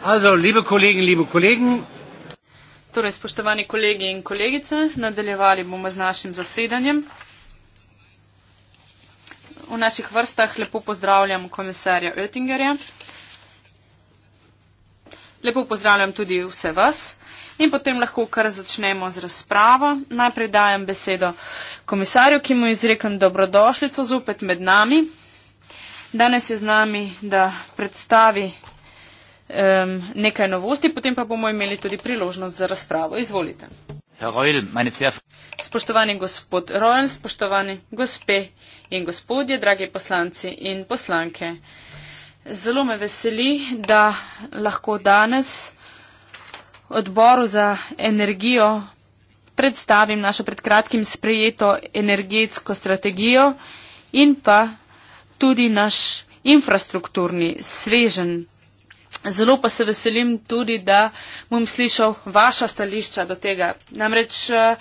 Torej, spoštovani kolegi in kolegice, nadaljevali bomo z našim zasedanjem. V naših vrstah lepo pozdravljam komisarja Oettingerja. Lepo pozdravljam tudi vse vas. In potem lahko kar začnemo z razpravo. Najprej dajem besedo komisarju, ki mu izrekam dobrodošlico zopet med nami. Danes je z nami, da predstavi um, nekaj novosti, potem pa bomo imeli tudi priložnost za razpravo. Izvolite. Reul, spoštovani gospod Rojl, spoštovani gospe in gospodje, dragi poslanci in poslanke. Zelo me veseli, da lahko danes odboru za energijo predstavim našo pred kratkim sprejeto energetsko strategijo in pa tudi naš infrastrukturni svežen Zelo pa se veselim tudi, da bom slišal vaša stališča do tega. Namreč eh,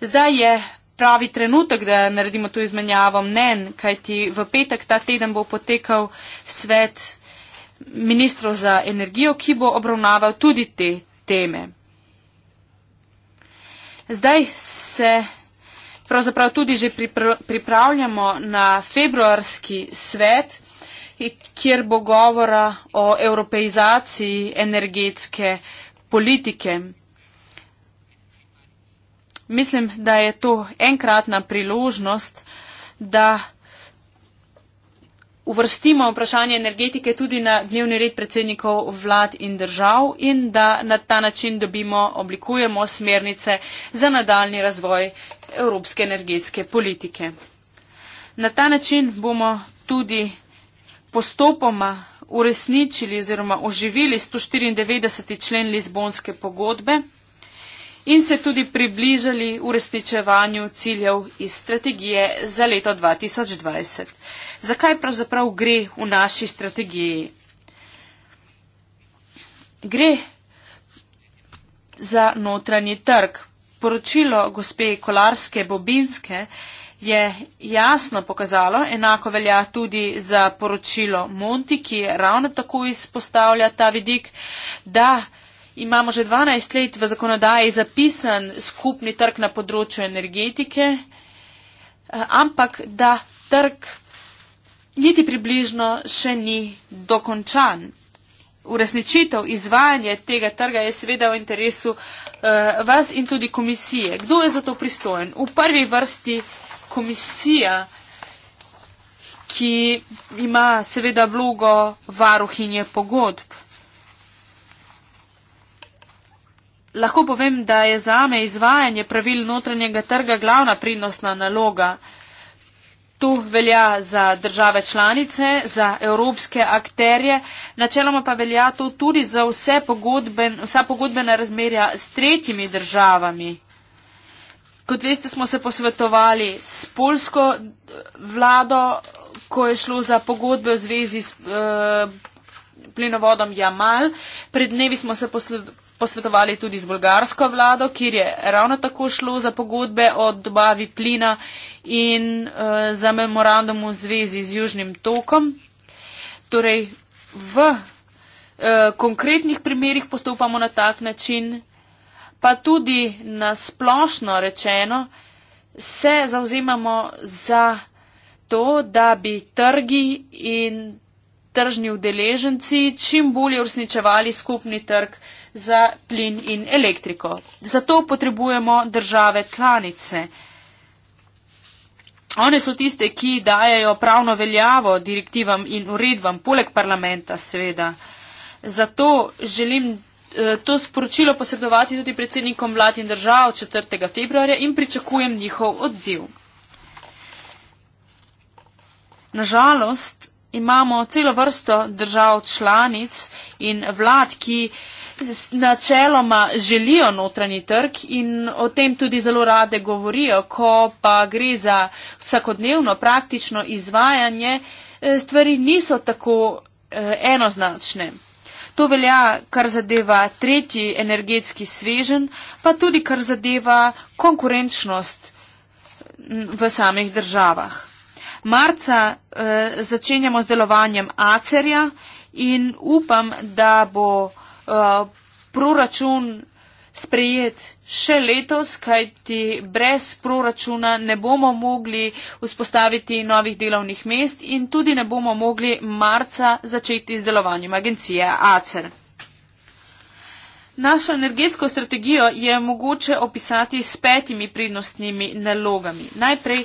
zdaj je pravi trenutek, da naredimo to izmenjavo mnen, kajti v petek ta teden bo potekal svet ministrov za energijo, ki bo obravnaval tudi te teme. Zdaj se pravzaprav tudi že pripravljamo na februarski svet kjer bo govora o evropeizaciji energetske politike. Mislim, da je to enkratna priložnost, da uvrstimo vprašanje energetike tudi na dnevni red predsednikov vlad in držav in da na ta način dobimo, oblikujemo smernice za nadaljni razvoj evropske energetske politike. Na ta način bomo tudi postopoma uresničili oziroma oživili 194. člen Lizbonske pogodbe in se tudi približali uresničevanju ciljev iz strategije za leto 2020. Zakaj pravzaprav gre v naši strategiji? Gre za notranji trg. Poročilo gospe Kolarske Bobinske je jasno pokazalo, enako velja tudi za poročilo Monti, ki ravno tako izpostavlja ta vidik, da imamo že 12 let v zakonodaji zapisan skupni trg na področju energetike, ampak da trg niti približno še ni dokončan. Uresničitev, izvajanje tega trga je seveda v interesu uh, vas in tudi komisije. Kdo je za to pristojen? V prvi vrsti komisija, ki ima seveda vlogo varuhinje pogodb. Lahko povem, da je zame izvajanje pravil notranjega trga glavna prinosna naloga. To velja za države članice, za evropske akterje, načeloma pa velja to tudi za vse pogodben, pogodbene razmerja s tretjimi državami. Kot veste, smo se posvetovali s polsko vlado, ko je šlo za pogodbe v zvezi s e, plinovodom Jamal. Pred dnevi smo se posvetovali tudi z bolgarsko vlado, kjer je ravno tako šlo za pogodbe o dobavi plina in e, za memorandum v zvezi z južnim tokom. Torej, v e, konkretnih primerjih postopamo na tak način pa tudi nasplošno rečeno, se zauzemamo za to, da bi trgi in tržni udeleženci čim bolje uresničevali skupni trg za plin in elektriko. Zato potrebujemo države članice. One so tiste, ki dajajo pravno veljavo direktivam in uredbam, poleg parlamenta seveda. Zato želim Eh, to sporočilo posredovati tudi predsednikom vlad in držav 4. februarja in pričakujem njihov odziv. Nažalost imamo celo vrsto držav članic in vlad, ki načeloma želijo notranji trg in o tem tudi zelo rade govorijo, ko pa gre za vsakodnevno praktično izvajanje, eh, stvari niso tako eh, enoznačne. To velja, kar zadeva tretji energetski svežen, pa tudi, kar zadeva konkurenčnost v samih državah. Marca eh, začenjamo z delovanjem ACER-ja in upam, da bo eh, proračun sprejet še letos, kajti brez proračuna ne bomo mogli vzpostaviti novih delovnih mest in tudi ne bomo mogli marca začeti z delovanjem agencije ACER. Našo energetsko strategijo je mogoče opisati s petimi prednostnimi nalogami. Najprej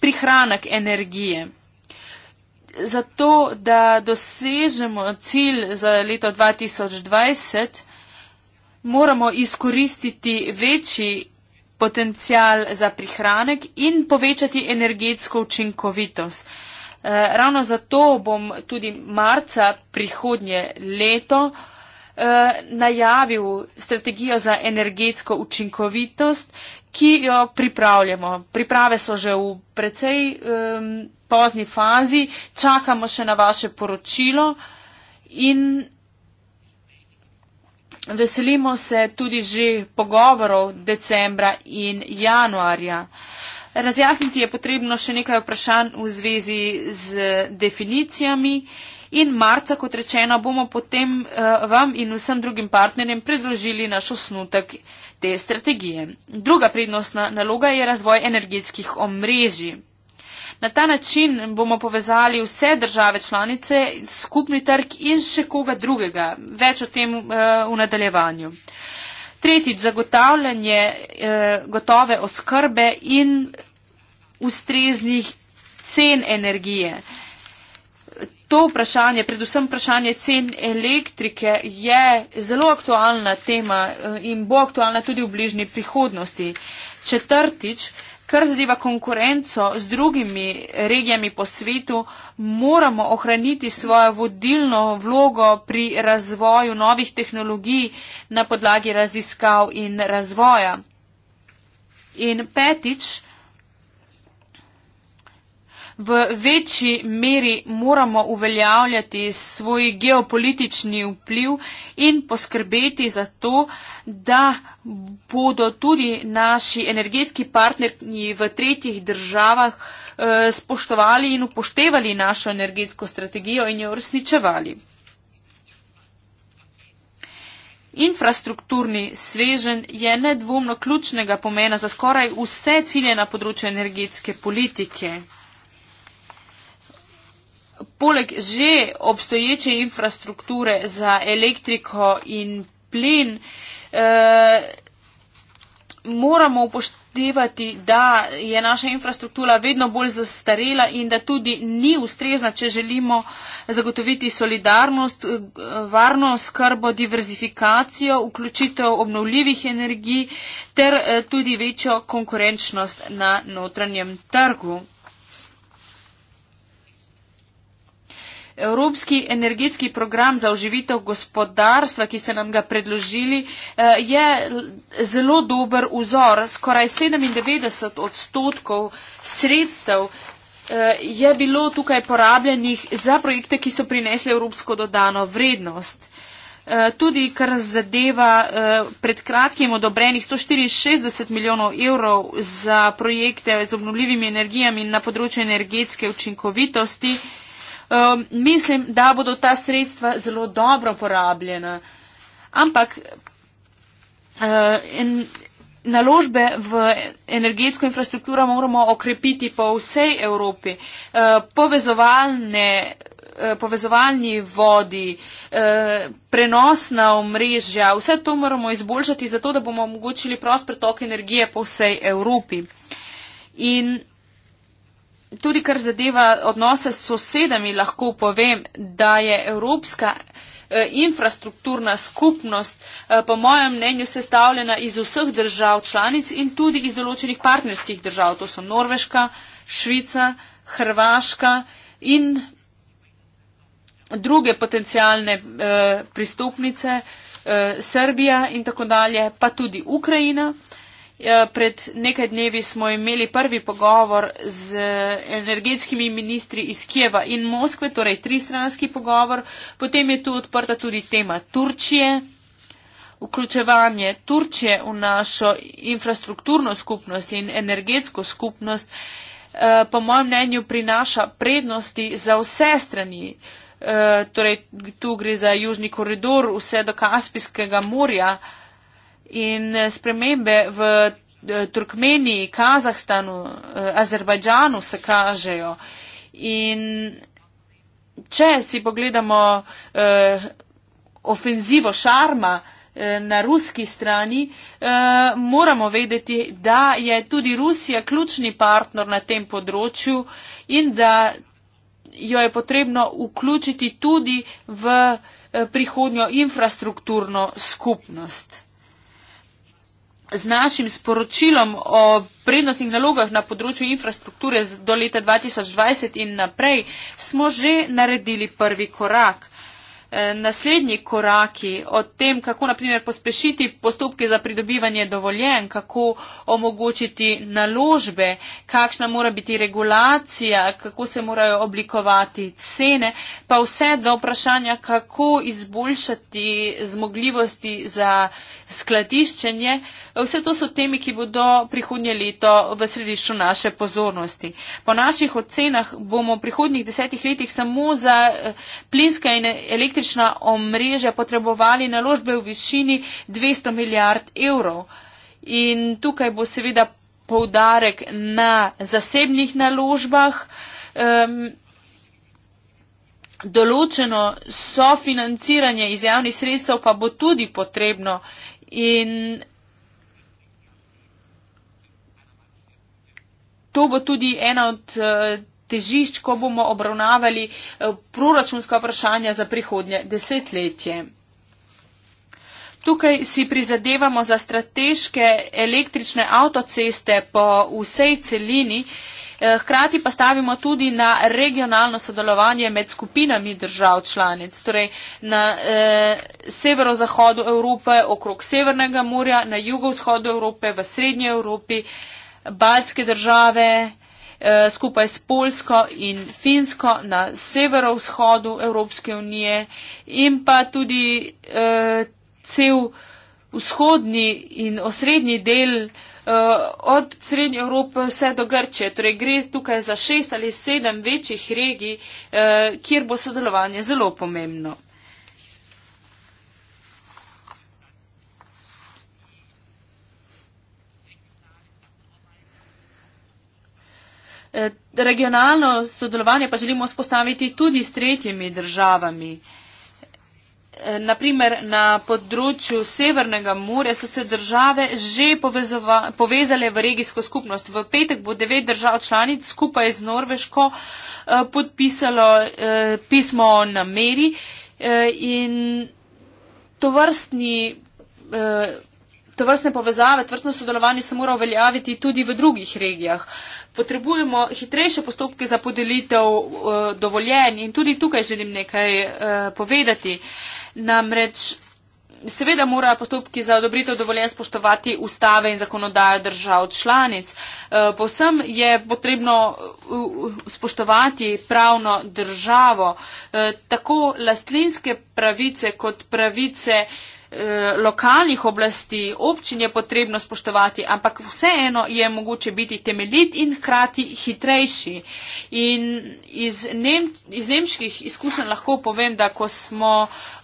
prihranek energije. Zato, da dosežemo cilj za leto 2020, moramo izkoristiti večji potencial za prihranek in povečati energetsko učinkovitost. Eh, ravno zato bom tudi marca prihodnje leto eh, najavil strategijo za energetsko učinkovitost, ki jo pripravljamo. Priprave so že v precej um, pozni fazi, čakamo še na vaše poročilo in Veselimo se tudi že pogovorov decembra in januarja. Razjasniti je potrebno še nekaj vprašanj v zvezi z definicijami in marca, kot rečeno, bomo potem eh, vam in vsem drugim partnerjem predložili naš osnutek te strategije. Druga prednostna naloga je razvoj energetskih omrežij. Na ta način bomo povezali vse države članice, skupni trg in še koga drugega. Več o tem eh, v nadaljevanju. Tretjič, zagotavljanje eh, gotove oskrbe in ustreznih cen energije. To vprašanje, predvsem vprašanje cen elektrike, je zelo aktualna tema eh, in bo aktualna tudi v bližnji prihodnosti. Četrtič, Kar zadeva konkurenco z drugimi regijami po svetu, moramo ohraniti svojo vodilno vlogo pri razvoju novih tehnologij na podlagi raziskav in razvoja. In petič, v večji meri moramo uveljavljati svoj geopolitični vpliv in poskrbeti za to, da bodo tudi naši energetski partnerji v tretjih državah eh, spoštovali in upoštevali našo energetsko strategijo in jo uresničevali. Infrastrukturni svežen je nedvomno ključnega pomena za skoraj vse cilje na področju energetske politike poleg že obstoječe infrastrukture za elektriko in plin, eh, moramo upoštevati, da je naša infrastruktura vedno bolj zastarela in da tudi ni ustrezna, če želimo zagotoviti solidarnost, eh, varno skrbo, diverzifikacijo, vključitev obnovljivih energij ter eh, tudi večjo konkurenčnost na notranjem trgu. Evropski energetski program za oživitev gospodarstva, ki ste nam ga predložili, eh, je zelo dober vzor. Skoraj 97 odstotkov sredstev eh, je bilo tukaj porabljenih za projekte, ki so prinesli evropsko dodano vrednost. Eh, tudi kar zadeva pred kratkim odobrenih 164 milijonov evrov za projekte z obnovljivimi energijami na področju energetske učinkovitosti, Um, mislim, da bodo ta sredstva zelo dobro porabljena. Ampak eh, in naložbe v energetsko infrastrukturo moramo okrepiti po vsej Evropi. Eh, povezovalne, eh, povezovalni vodi, prenosna omrežja, vse to moramo izboljšati, zato da bomo omogočili prost pretok energije po vsej Evropi. In tudi kar zadeva odnose s sosedami, lahko povem, da je Evropska eh, infrastrukturna skupnost, eh, po mojem mnenju, sestavljena iz vseh držav članic in tudi iz določenih partnerskih držav. To so Norveška, Švica, Hrvaška in druge potencijalne eh, pristopnice, Srbija in tako dalje, pa tudi Ukrajina. Ja, pred nekaj dnevi smo imeli prvi pogovor z energetskimi ministri iz Kijeva in Moskve, torej tristranski pogovor. Potem je tu odprta tudi tema Turčije, vključevanje Turčije v našo infrastrukturno skupnost in energetsko skupnost eh, po mojem mnenju prinaša prednosti za vse strani. Eh, torej, tu gre za južni koridor vse do Kaspijskega morja. In eh, spremembe v eh, Turkmeniji, Kazahstanu, eh, Azerbajdžanu se kažejo. In če si pogledamo eh, ofenzivo Šarma eh, na ruski strani, eh, moramo vedeti, da je tudi Rusija ključni partner na tem področju in da jo je potrebno vključiti tudi v eh, prihodnjo infrastrukturno skupnost z našim sporočilom o prednostnih nalogah na področju infrastrukture do leta 2020 in naprej, smo že naredili prvi korak. E, naslednji koraki o tem, kako naprimer pospešiti postopke za pridobivanje dovoljen, kako omogočiti naložbe, kakšna mora biti regulacija, kako se morajo oblikovati cene, pa vse do vprašanja, kako izboljšati zmogljivosti za skladiščenje, Vse to so teme, ki bodo prihodnje leto v središču naše pozornosti. Po naših ocenah bomo v prihodnjih desetih letih samo za eh, plinska in električna omrežja potrebovali naložbe v višini 200 milijard evrov. In tukaj bo seveda poudarek na zasebnih naložbah. Um, določeno sofinanciranje iz javnih sredstev pa bo tudi potrebno. In to bo tudi ena od eh, težišč, ko bomo obravnavali eh, proračunska vprašanja za prihodnje desetletje. Tukaj si prizadevamo za strateške električne avtoceste po vsej celini, eh, hkrati pa stavimo tudi na regionalno sodelovanje med skupinami držav članic, torej na eh, severozahodu Evrope, okrog Severnega morja, na jugovzhodu Evrope, v srednji Evropi. Eh, Baltske države eh, skupaj s Polsko in Finsko na severovzhodu Evropske unije in pa tudi eh, cel vzhodni in osrednji del eh, od Srednje Evrope vse do Grče. Torej gre tukaj za šest ali sedem večjih regij, eh, kjer bo sodelovanje zelo pomembno. Eh, regionalno sodelovanje pa želimo spostaviti tudi s tretjimi državami. Eh, Naprimer, na področju Severnega more so se države že povezova, povezale v regijsko skupnost. V petek bo devet držav članic skupaj z Norveško eh, podpisalo pismo o nameri in to vrstni to vrstne povezave, tvrstno sodelovanje se mora uveljaviti tudi v drugih regijah. Potrebujemo hitrejše postopke za podelitev uh, dovoljenj in tudi tukaj želim nekaj uh, povedati. Namreč seveda morajo postopki za odobritev dovoljenj spoštovati ustave in zakonodajo držav članic. Uh, povsem je potrebno uh, spoštovati pravno državo, uh, tako lastlinske pravice kot pravice. Uh, Eh, lokalnih oblasti, občin je potrebno spoštovati, ampak vseeno je mogoče biti temeljit in hkrati hitrejši. In iz, Nem iz nemških izkušenj lahko povem, da ko smo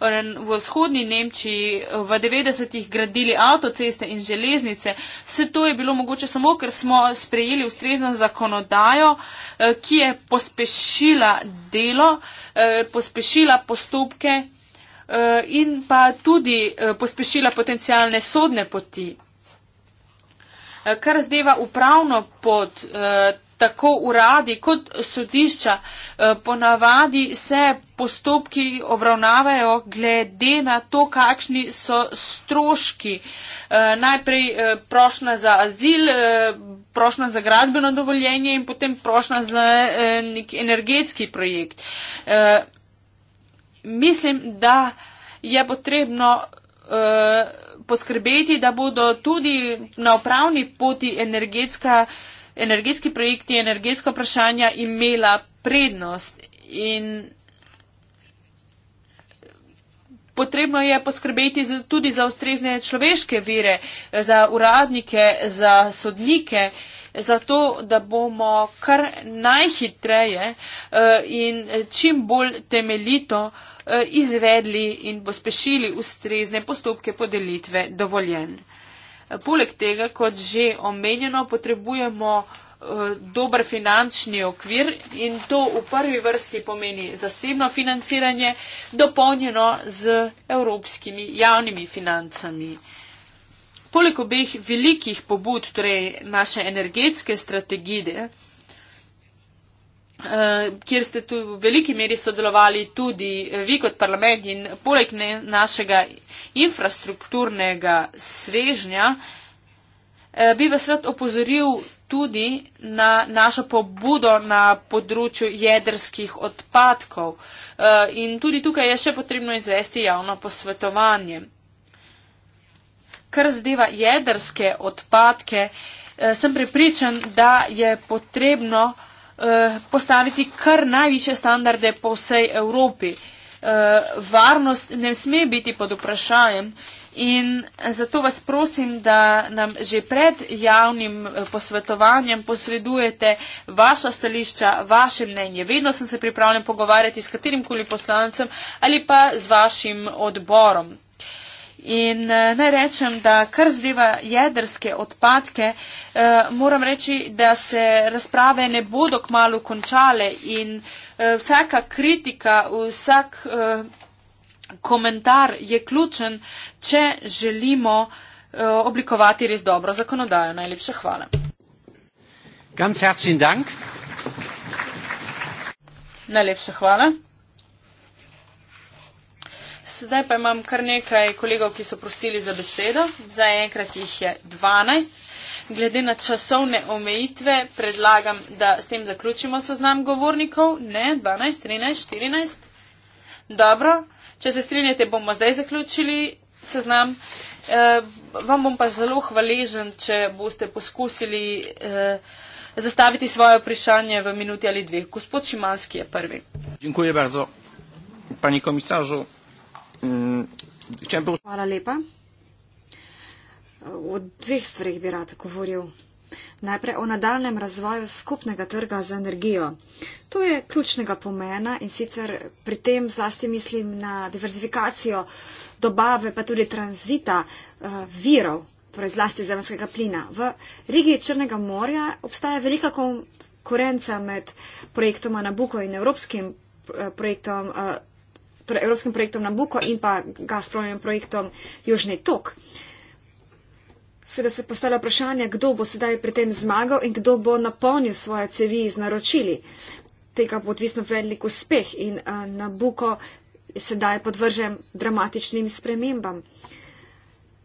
eh, v vzhodni Nemčiji eh, v 90-ih gradili avtoceste in železnice, vse to je bilo mogoče samo, ker smo sprejeli ustrezno zakonodajo, ki je pospešila delo, pospešila postopke Eh, in pa tudi eh, pospešila potencijalne sodne poti. Eh, kar zdeva upravno pod tako uradi kot sodišča, ponavadi se postopki obravnavajo glede na to, kakšni so stroški. Najprej prošna za azil, prošna za gradbeno dovoljenje in potem prošna za nek energetski projekt mislim, da je potrebno uh, poskrbeti, da bodo tudi na upravni poti energetski projekti, energetska vprašanja imela prednost. In potrebno je poskrbeti tudi za ustrezne človeške vire, za uradnike, za sodnike. Uh, zato da bomo kar najhitreje eh, in čim bolj temeljito eh, izvedli in pospešili ustrezne postopke podelitve dovoljen. Eh, poleg tega, kot že omenjeno, potrebujemo dober finančni okvir in to v prvi vrsti pomeni zasebno financiranje, dopolnjeno z evropskimi javnimi financami poleg obeh velikih pobud, torej naše energetske strategije, eh, kjer ste tu v veliki meri sodelovali tudi eh, vi kot parlament in poleg našega infrastrukturnega svežnja, eh, bi vas rad opozoril tudi na našo pobudo na področju jedrskih odpadkov. In tudi tukaj je še potrebno izvesti javno posvetovanje kar zadeva jedrske odpadke, eh, sem prepričan, da je potrebno eh, postaviti kar najviše standarde po vsej Evropi. Eh, varnost ne sme biti pod vprašanjem in zato vas prosim, da nam že pred javnim posvetovanjem posredujete vaša stališča, vaše mnenje. Vedno sem se pripravljen pogovarjati s katerimkoli poslancem ali pa z vašim odborom. In uh, naj rečem, da kar zdeva jedrske odpadke, uh, moram reči, da se razprave ne bodo k malu končale in uh, vsaka kritika, vsak uh, komentar je ključen, če želimo uh, oblikovati res dobro zakonodajo. Najlepša hvala. Ganz herzlichen Dank. Najlepša hvala. Sedaj pa imam kar nekaj kolegov, ki so prosili za besedo. Zaenkrat jih je 12. Glede na časovne omejitve predlagam, da s tem zaključimo seznam govornikov. Ne, 12, 13, 14. Dobro, če se strinjate, bomo zdaj zaključili seznam. E, vam bom pa zelo hvaležen, če boste poskusili e, zastaviti svoje vprašanje v minuti ali dveh. Gospod Šimanski je prvi. Dziękuję bardzo. Panie komisarzu, Mm, bo... Hvala lepa. O dveh stvarih bi rad govoril. Najprej o nadaljem razvoju skupnega trga za energijo. To je ključnega pomena in sicer pri tem zlasti mislim na diverzifikacijo dobave pa tudi tranzita uh, virov, torej zlasti zemljskega plina. V regiji Črnega morja obstaja velika konkurenca med projektoma Nabuko in evropskim uh, projektom. Uh, torej evropskim projektom Nabuko in pa Gazpromovim projektom Južni tok. Sveda se postavlja vprašanje, kdo bo sedaj pri tem zmagal in kdo bo napolnil svoje cevi z naročili. Tega bo odvisno velik uspeh in uh, Nabuko sedaj podvržen dramatičnim spremembam.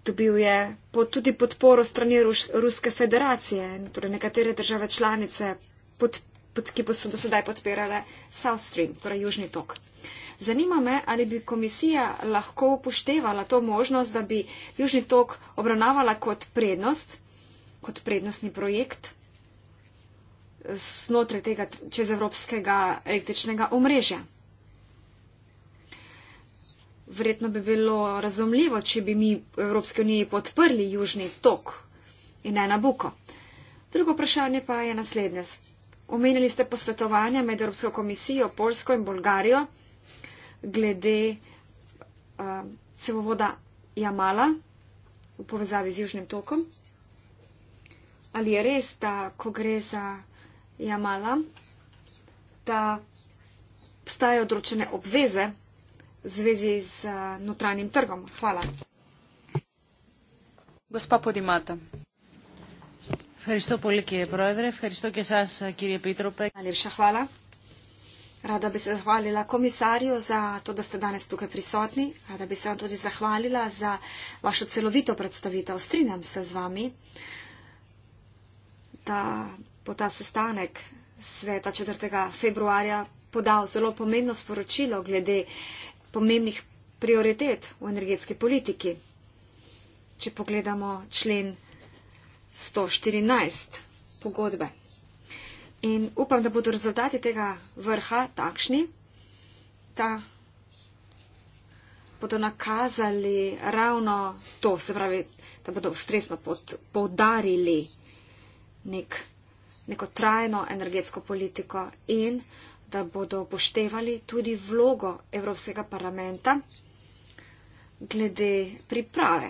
Dobil je pod, tudi podporo strani Ruš, Ruske federacije, torej nekatere države članice, pod, pod, ki so do sedaj podpirale South Stream, torej Južni tok. Uh, Zanima me, ali bi komisija lahko upoštevala to možnost, da bi Južni tok obravnavala kot prednost, kot prednostni projekt znotraj tega čezevropskega električnega omrežja. Verjetno bi bilo razumljivo, če bi mi v Evropski uniji podprli Južni tok in ne Nabuko. Drugo vprašanje pa je naslednje. Omenili ste posvetovanja med Evropsko komisijo, Polsko in Bolgarijo glede uh, cevovoda Jamala v povezavi z Južnim tokom. Ali je res, da ko gre za Jamala, da obstajajo odročene obveze v zvezi z uh, notranjim trgom? Hvala. Gospa Podimata. Hvala, ki je prodre. Hvala, ki je prodre. Najlepša hvala. Rada bi se zahvalila komisarju za to, da ste danes tukaj prisotni. Rada bi se vam tudi zahvalila za vašo celovito predstavitev. Strinjam se z vami, da bo ta sestanek sveta 4. februarja podal zelo pomembno sporočilo glede pomembnih prioritet v energetski politiki. Če pogledamo člen 114 pogodbe. In upam, da bodo rezultati tega vrha takšni, da bodo nakazali ravno to, se pravi, da bodo ustrezno podarili nek, neko trajno energetsko politiko in da bodo poštevali tudi vlogo Evropskega parlamenta glede priprave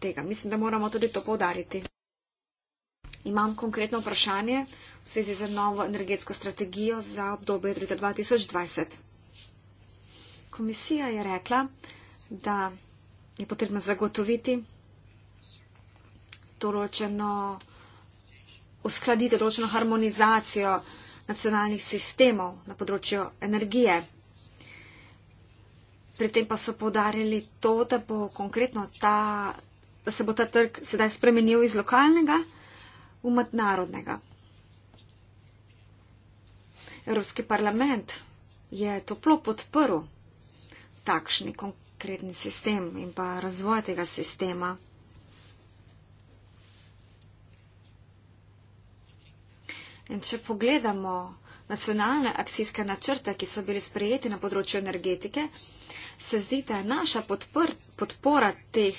tega. Mislim, da moramo tudi to podariti. Imam konkretno vprašanje v zvezi z novo energetsko strategijo za obdobje do leta 2020. Komisija je rekla, da je potrebno zagotoviti določeno uskladiti določeno harmonizacijo nacionalnih sistemov na področju energije. Pri tem pa so podarili to, da, ta, da se bo ta trg sedaj spremenil iz lokalnega v mednarodnega. Evropski parlament je toplo podprl takšni konkretni sistem in pa razvoj tega sistema. In če pogledamo nacionalne akcijske načrte, ki so bili sprejeti na področju energetike, se zdi, da je naša podpor, podpora teh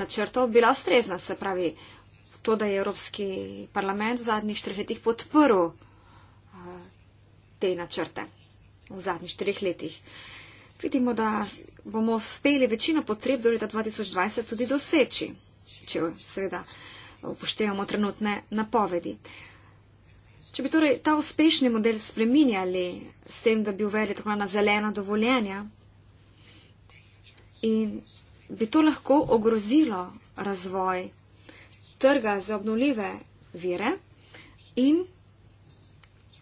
načrtov bila ustrezna, se pravi, to, da je Evropski parlament v zadnjih štirih letih podprl eh, te načrte v zadnjih štirih letih. Vidimo, da bomo speli večino potreb do leta 2020 tudi doseči, če seveda upoštevamo trenutne napovedi. Če bi torej ta uspešni model spreminjali s tem, da bi uvedli tako na zelena dovoljenja in bi to lahko ogrozilo razvoj trga za obnovljive vire in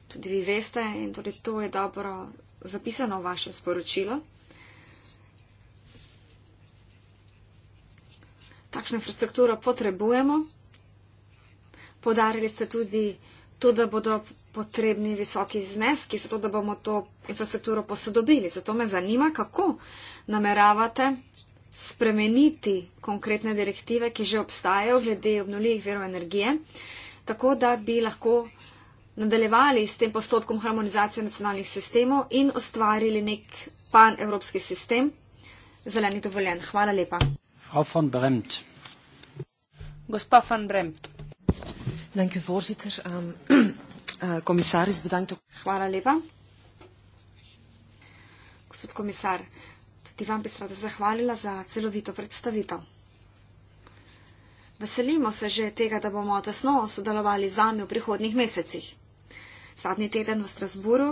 tudi vi veste, in tudi to je dobro zapisano v vašem sporočilu. Takšno infrastrukturo potrebujemo. Podarili ste tudi to, da bodo potrebni visoki zneski, zato da bomo to infrastrukturo posodobili. Zato me zanima, kako nameravate spremeniti konkretne direktive, ki že obstajajo glede obnovljivih verov energije, tako da bi lahko nadaljevali s tem postopkom harmonizacije nacionalnih sistemov in ustvarili nek pan evropski sistem. Zeleni dovoljen. Hvala lepa. Frau von Bremt. Gospa von Bremt. Thank you, voorzitter. Um, uh, komisaris, bedankt. Hvala lepa. Gospod komisar, ti vam bi se rada zahvalila za celovito predstavitev. Veselimo se že tega, da bomo tesno sodelovali z vami v prihodnih mesecih. Zadnji teden v Strasburu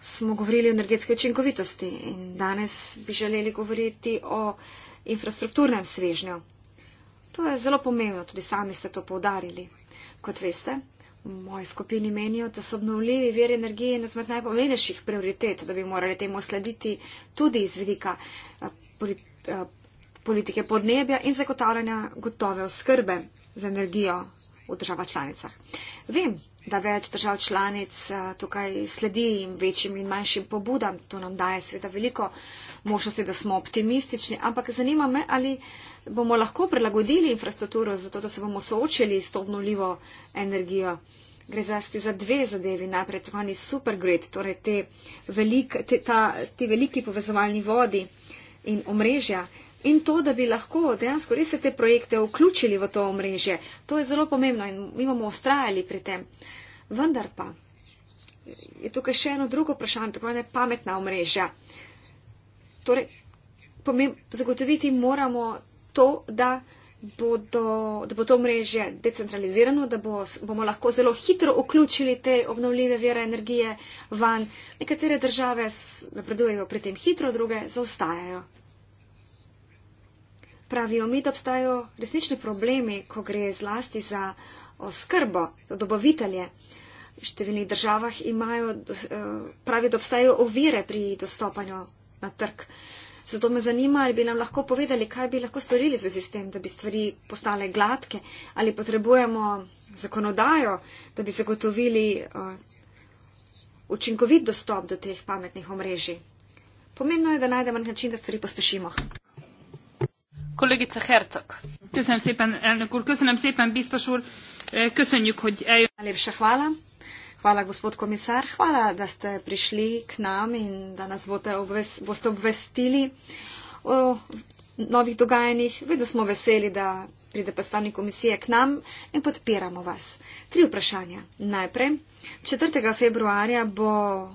smo govorili o energetske učinkovitosti in danes bi želeli govoriti o infrastrukturnem svežnju. To je zelo pomembno, tudi sami ste to poudarili. Kot veste, v moji skupini menijo, da so obnovljivi veri energije ena izmed najpomembnejših prioritet, da bi morali temu slediti tudi iz vidika eh, eh, politike podnebja in zagotavljanja gotove oskrbe z energijo v državah članicah. Vem, da več držav članic eh, tukaj sledi večjim in manjšim pobudam. To nam daje sveda veliko možnosti, da smo optimistični, ampak zanima me, ali bomo lahko prilagodili infrastrukturo, zato da se bomo soočili s to obnovljivo energijo. Gre zlasti za dve zadevi, najprej tako imenovani supergrid, torej te, velik, te, ta, te veliki povezovalni vodi in omrežja. In to, da bi lahko dejansko res te projekte vključili v to omrežje, to je zelo pomembno in mi bomo ustrajali pri tem. Vendar pa je tukaj še eno drugo vprašanje, tako imenovane pametna omrežja. Torej, pomemb, zagotoviti moramo to, da bo, do, da bo to mrežje decentralizirano, da bo, bomo lahko zelo hitro vključili te obnovljive vire energije van. Nekatere države napredujejo pri tem hitro, druge zaostajajo. Pravijo mi, da obstajajo resnični problemi, ko gre zlasti za oskrbo, za dobavitelje. V številnih državah imajo, eh, pravi, da obstajajo ovire pri dostopanju na trg. Uh, Zato me zanima, ali bi nam lahko povedali, kaj bi lahko storili z vezi s tem, da bi stvari postale gladke, ali potrebujemo zakonodajo, da bi zagotovili uh, učinkovit dostop do teh pametnih omrežij. Pomembno je, da najdemo način, da stvari pospešimo. Kolegica Hercog, tu sem sepen, eh, kur, tu sem sepen, bistošur, eh, köszönjük, hogy eljön. Najlepša hvala. Hvala, gospod komisar. Hvala, da ste prišli k nam in da nas obves, boste obvestili o novih dogajanjih. Vedno smo veseli, da pride predstavnik komisije k nam in podpiramo vas. Tri vprašanja. Najprej, 4. februarja bo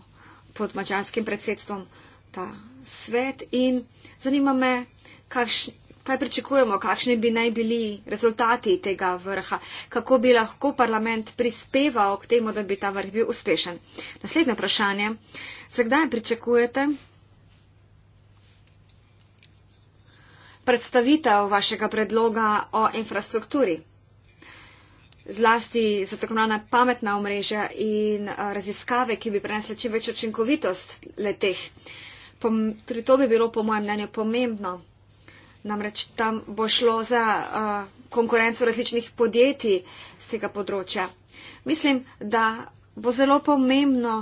pod mačarskim predsedstvom ta svet in zanima me, kakšen kaj pričakujemo, kakšni bi naj bili rezultati tega vrha, kako bi lahko parlament prispeval k temu, da bi ta vrh bil uspešen. Naslednje vprašanje. Zakdaj pričakujete predstavitev vašega predloga o infrastrukturi? zlasti za tako imenovana pametna omrežja in eh, raziskave, ki bi prenesle čim več učinkovitost le teh. Tudi to bi bilo, po mojem mnenju, pomembno. Namreč tam bo šlo za uh, konkurenco različnih podjetij z tega področja. Mislim, da bo zelo pomembno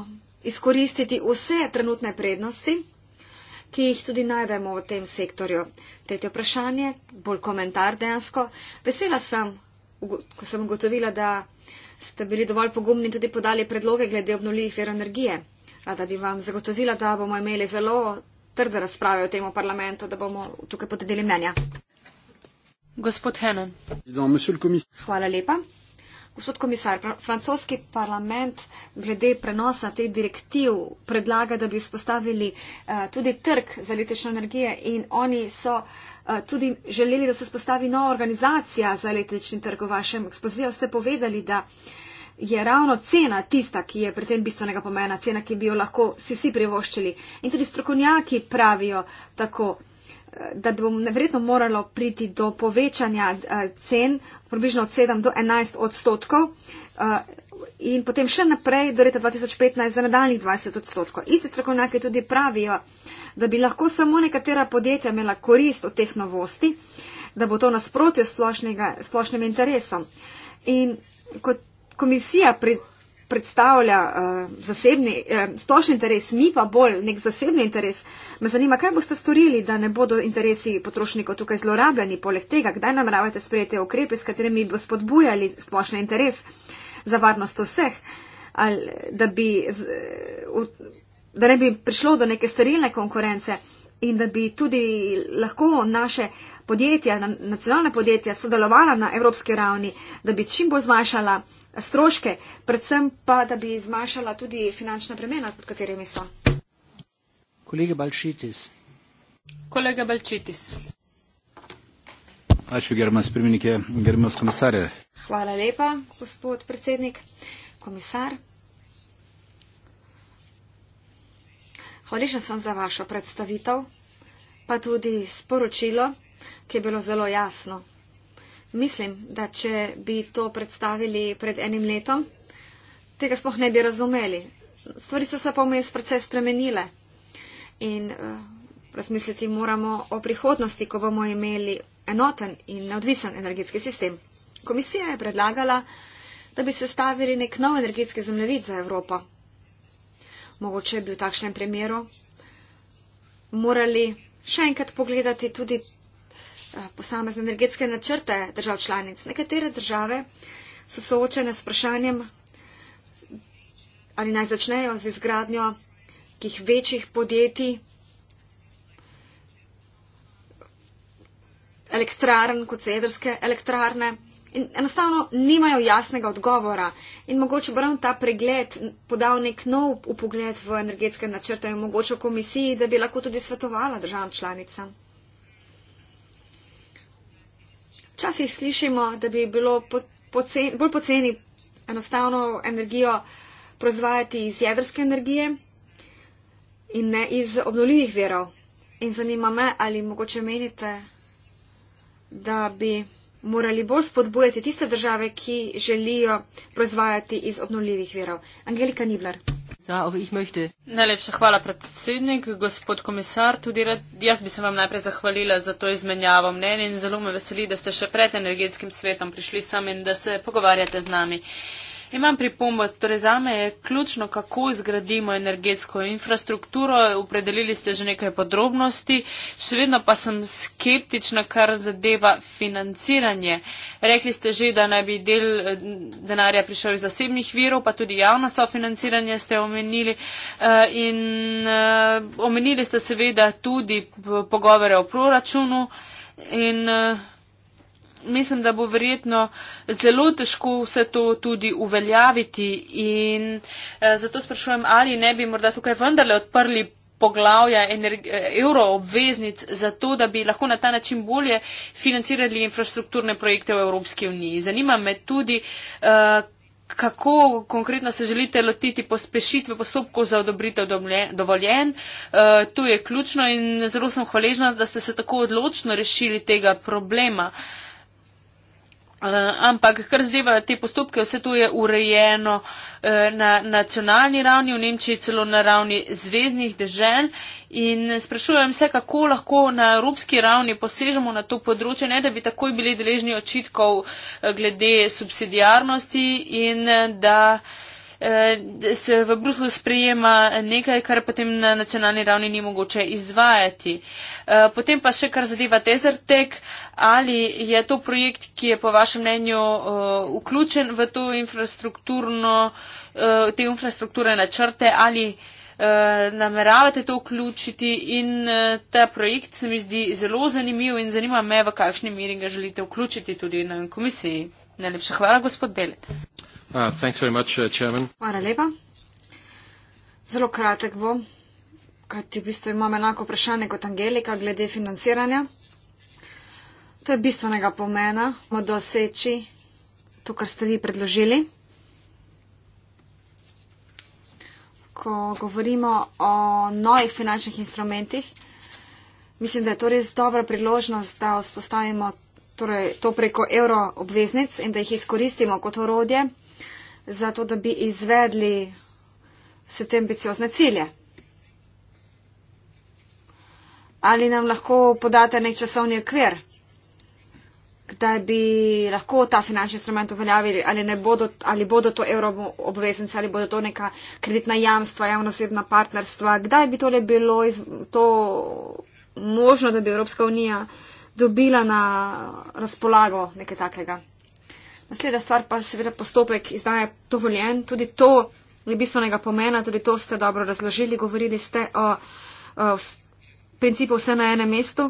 izkoristiti vse trenutne prednosti, ki jih tudi najdemo v tem sektorju. Tretje vprašanje, bolj komentar dejansko. Vesela sem, ko sem ugotovila, da ste bili dovolj pogumni in tudi podali predloge glede obnovljivih verov energije. Rada bi vam zagotovila, da bomo imeli zelo trde razprave o tem v parlamentu, da bomo tukaj potedeli mnenja. Gospod Henan. Hvala lepa. Gospod komisar, francoski parlament glede prenosa teh direktiv predlaga, da bi spostavili uh, eh, tudi trg za električno energijo in oni so eh, tudi želeli, da se spostavi nova organizacija za električni trg. V vašem ekspoziju ste povedali, da uh, je ravno cena tista, ki je pri tem bistvenega pomena, cena, ki bi jo lahko si vsi privoščili. In tudi strokovnjaki pravijo tako, eh, da bi verjetno moralo priti do povečanja eh, cen, približno od 7 do 11 odstotkov. Eh, in potem še naprej do leta 2015 za nadaljnih 20 odstotkov. Iste strokovnjake tudi pravijo, da bi lahko samo nekatera podjetja imela korist od teh novosti, da bo to nasprotje s splošnim interesom. In kot komisija pri, predstavlja uh, zasebni, uh, splošni interes, mi pa bolj nek zasebni interes. Me zanima, kaj boste storili, da ne bodo interesi potrošnikov tukaj zlorabljeni, poleg tega, kdaj namravate sprejeti ukrepe, s katerimi bo spodbujali splošni interes za varnost vseh, ali, da, bi, z, eh, v, da ne bi prišlo do neke sterilne konkurence in da bi tudi lahko naše uh, podjetja, nacionalna podjetja sodelovala na evropski ravni, da bi čim bolj zmanjšala stroške, predvsem pa, da bi zmanjšala tudi finančna bremena, pod katerimi so. Kolega Balčitis. Kolega Balčitis. Ačiū gerbiamas pirmininkė, gerbiamas komisarė. Hvala lepa, gospod predsednik, komisar. Hvala lepa za vašo predstavitev, pa tudi sporočilo ki je bilo zelo jasno. Mislim, da če bi to predstavili pred enim letom, tega sploh ne bi razumeli. Stvari so se pa vmes precej spremenile. In uh, razmisliti moramo o prihodnosti, ko bomo imeli enoten in neodvisen energetski sistem. Komisija je predlagala, da bi se stavili nek nov energetski zemljevid za Evropo. Mogoče bi v takšnem primeru morali še enkrat pogledati tudi Eh, posamezne energetske načrte držav članic. Nekatere države so soočene s vprašanjem, ali naj začnejo z izgradnjo kih večjih podjetij, elektrarn, kot so jedrske elektrarne. In enostavno nimajo jasnega odgovora in mogoče bo ravno ta pregled podal nek nov upogled v energetske načrte in mogoče komisiji, da bi lahko tudi svetovala državam članicam. včasih slišimo, da bi bilo po, po cen, bolj poceni enostavno energijo proizvajati iz jedrske energije in ne iz obnovljivih verov. In zanima me, ali mogoče menite, da bi morali bolj spodbujati tiste države, ki želijo proizvajati iz obnovljivih verov. Angelika Nibler. Ja, ovih mojhti. Najlepša hvala, predsednik, gospod komisar. Tudi rad, jaz bi se vam najprej zahvalila za to izmenjavo mnenja in zelo me veseli, da ste še pred energetskim svetom prišli sami in da se pogovarjate z nami. Imam pripombo, torej za me je ključno, kako zgradimo energetsko infrastrukturo, upredelili ste že nekaj podrobnosti, še vedno pa sem skeptična, kar zadeva financiranje. Rekli ste že, da naj bi del eh, denarja prišel iz zasebnih virov, pa tudi javno sofinanciranje ste omenili eh, in eh, omenili ste seveda tudi pogovore o proračunu. In uh, mislim, da bo verjetno zelo težko vse to tudi uveljaviti in eh, zato sprašujem, ali ne bi morda tukaj vendarle odprli poglavja euroobveznic eh, za to, da bi lahko na ta način bolje financirali infrastrukturne projekte v Evropski uniji. Zanima me tudi, eh, kako konkretno se želite lotiti pospešitve postopkov za odobritev dovoljen. Eh, to je ključno in zelo sem hvaležna, da ste se tako odločno rešili tega problema. Eh, ampak kar zdevajo te postopke, vse to je urejeno eh, na nacionalni ravni, v Nemčiji celo na ravni zvezdnih držav in sprašujem se, kako lahko na evropski ravni posežemo na to področje, ne da bi takoj bili deležni očitkov eh, glede subsidijarnosti in da. Eh, se v Bruslu sprejema nekaj, kar potem na nacionalni ravni ni mogoče izvajati. Eh, potem pa še kar zadeva Desertek, ali je to projekt, ki je po vašem mnenju eh, vključen v to infrastrukturno, te infrastrukture načrte, ali nameravate to vključiti in ta projekt se mi zdi zelo zanimiv in zanima me, v kakšni meri ga želite vključiti tudi na komisiji. Najlepša hvala, gospod Belet. Uh, thanks very much, uh, Chairman. Hvala lepa. Zelo kratek bom, kajti v bistvu imam enako vprašanje kot Angelika glede financiranja. To je bistvenega pomena, da doseči to, kar ste vi predložili. Ko govorimo o novih finančnih instrumentih, mislim, da je to res dobra priložnost, da vzpostavimo torej, to preko evroobveznic in da jih izkoristimo kot orodje za to, da bi izvedli vse te ambiciozne cilje? Ali nam lahko podate nek časovni okvir, kdaj bi lahko ta finančni instrument uveljavili, ali, bodo, ali bodo to evro obveznice, ali bodo to neka kreditna jamstva, javnosebna partnerstva, kdaj bi tole bilo iz, to možno, da bi Evropska unija dobila na razpolago nekaj takega? Naslednja stvar pa seveda postopek izdaje dovoljen. Tudi to je bistvenega pomena, tudi to ste dobro razložili. Govorili ste o, o principu vse na enem mestu.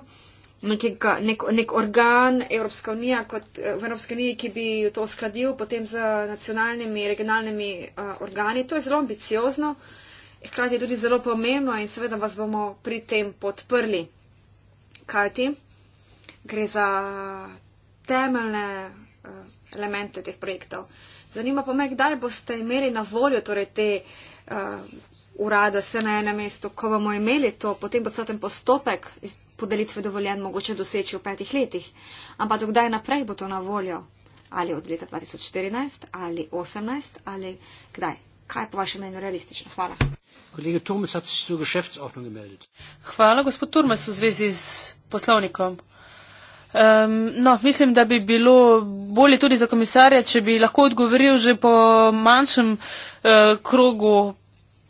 Nekega, nek, nek organ Evropske unije, kot v Evropske unije, ki bi to skladil potem z nacionalnimi, regionalnimi uh, organi. To je zelo ambiciozno, hkrati tudi zelo pomembno in seveda vas bomo pri tem podprli. Kaj ti? Gre za temeljne. Uh, elemente teh projektov. Zanima pa me, kdaj boste imeli na voljo torej te uh, urade, vse na enem mestu, ko bomo imeli to, potem bo celoten postopek podelitve dovoljen mogoče doseči v petih letih. Ampak kdaj naprej bo to na voljo? Ali od leta 2014, ali 2018, ali kdaj? Kaj je po vašem mnenju realistično? Hvala. Hvala, gospod Turmes, v zvezi z poslovnikom. Um, no, mislim, da bi bilo bolje tudi za komisarja, če bi lahko odgovoril že po manjšem uh, krogu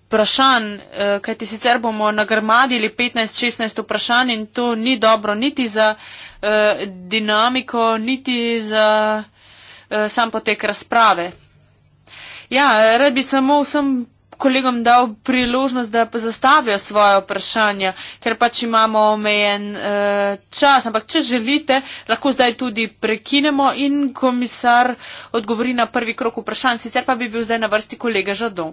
vprašanj, uh, kajti sicer bomo nagrmadili 15-16 vprašanj in to ni dobro niti za uh, dinamiko, niti za uh, sam potek razprave. Ja, rad bi samo vsem kolegom dal priložnost, da zastavijo svoje vprašanja, ker pač imamo omejen uh, čas. Ampak, če želite, lahko zdaj tudi prekinemo in komisar odgovori na prvi krok vprašanj, sicer pa bi bil zdaj na vrsti kolega Žado.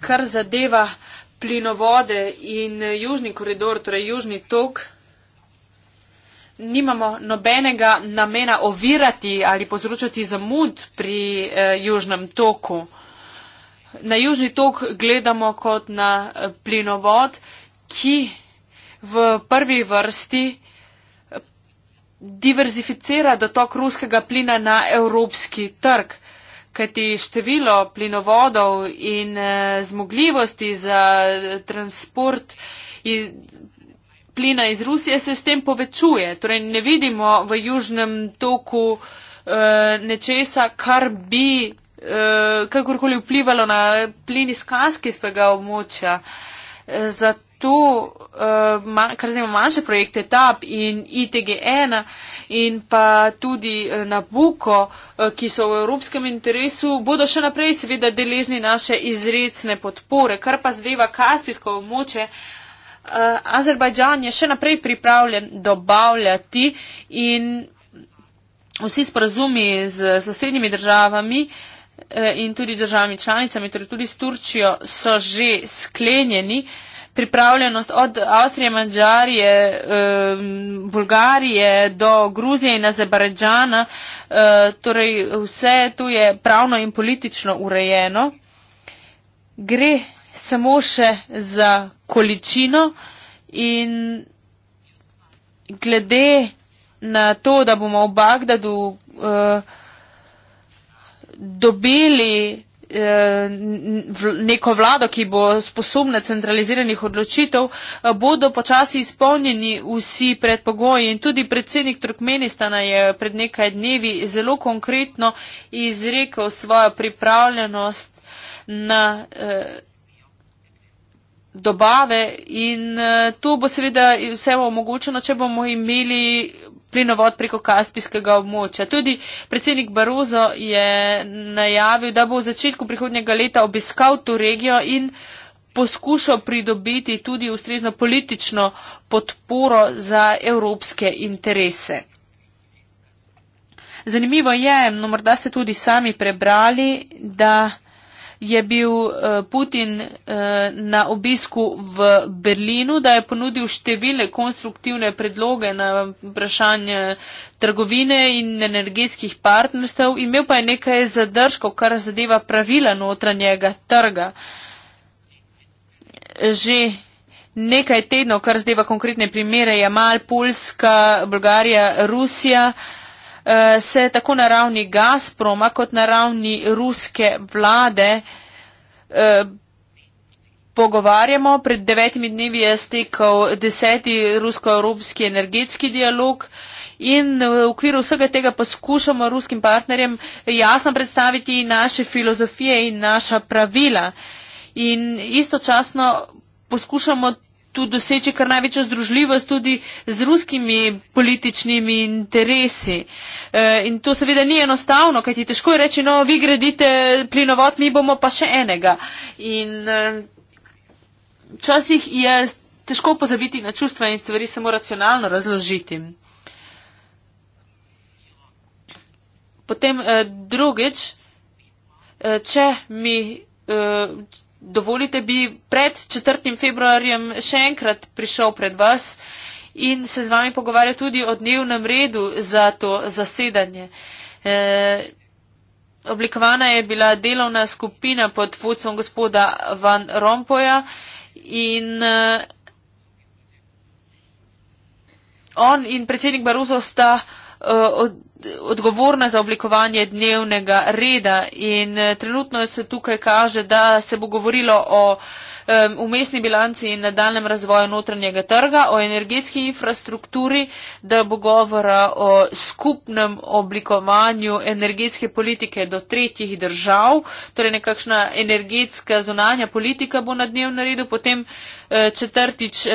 Kar zadeva plinovode in južni koridor, torej južni tok, nimamo nobenega namena ovirati ali povzročati zamud pri eh, južnem toku. Na južni tok gledamo kot na eh, plinovod, ki v prvi vrsti diverzificira dotok ruskega plina na evropski trg kajti število plinovodov in eh, zmogljivosti za transport iz, plina iz Rusije se s tem povečuje. Torej ne vidimo v južnem toku eh, nečesa, kar bi eh, kakorkoli vplivalo na plin iz Kaskijskega območja. Zato to, uh, ma, kar zdaj imamo manjše projekte, TAP in ITG1 in pa tudi uh, eh, Nabuko, uh, eh, ki so v evropskem interesu, bodo še naprej seveda deležni naše izredne podpore, kar pa zdajva Kaspijsko območje. Uh, Azerbajdžan je še naprej pripravljen dobavljati in vsi sporazumi z sosednjimi državami uh, in tudi državami članicami, torej tudi s Turčijo, so že sklenjeni. Uh, pripravljenost od Avstrije, Mađarije, Bulgarije do Gruzije in Azerbajdžana, eh, torej vse tu je pravno in politično urejeno. Gre samo še za količino in glede na to, da bomo v Bagdadu uh, dobili Eh, neko vlado, ki bo sposobna centraliziranih odločitev, eh, bodo počasi izpolnjeni vsi predpogoji. In tudi predsednik Turkmenistana je pred nekaj dnevi zelo konkretno izrekel svojo pripravljenost na eh, dobave in eh, to bo seveda vse omogočeno, če bomo imeli plinovod preko Kaspijskega območja. Tudi predsednik Barozo je najavil, da bo v začetku prihodnjega leta obiskal to regijo in poskušal pridobiti tudi ustrezno politično podporo za evropske interese. Zanimivo je, no morda ste tudi sami prebrali, da je bil eh, Putin eh, na obisku v Berlinu, da je ponudil številne konstruktivne predloge na vprašanje trgovine in energetskih partnerstev, imel pa je nekaj zadržkov, kar zadeva pravila notranjega trga. Že nekaj tednov, kar zadeva konkretne primere, je Mal, Poljska, Bolgarija, Rusija. Eh, se tako na ravni Gazproma kot na ravni ruske vlade eh, pogovarjamo. Pred devetimi dnevi je stekal deseti rusko-evropski energetski dialog. In eh, v okviru vsega tega poskušamo ruskim partnerjem jasno predstaviti naše filozofije in naša pravila. In istočasno poskušamo tu doseči kar največjo združljivost tudi z ruskimi političnimi interesi. E, in to seveda ni enostavno, kajti težko je reči, no, vi gradite plinovod, mi bomo pa še enega. In e, včasih e, je težko pozabiti na čustva in stvari samo racionalno razložiti. Potem e, drugič, e, če mi. E, dovolite, bi pred 4. februarjem še enkrat prišel pred vas in se z vami pogovarjal tudi o dnevnem redu za to zasedanje. E, oblikovana je bila delovna skupina pod vodstvom gospoda Van Rompoja in e, on in predsednik Baruzov sta e, od, odgovorna za oblikovanje dnevnega reda in eh, trenutno se tukaj kaže, da se bo govorilo o v mestni bilanci in nadaljem razvoju notranjega trga, o energetski infrastrukturi, da bo govora o skupnem oblikovanju energetske politike do tretjih držav, torej nekakšna energetska zonanja politika bo na dnevnem redu, potem e, četrtič e,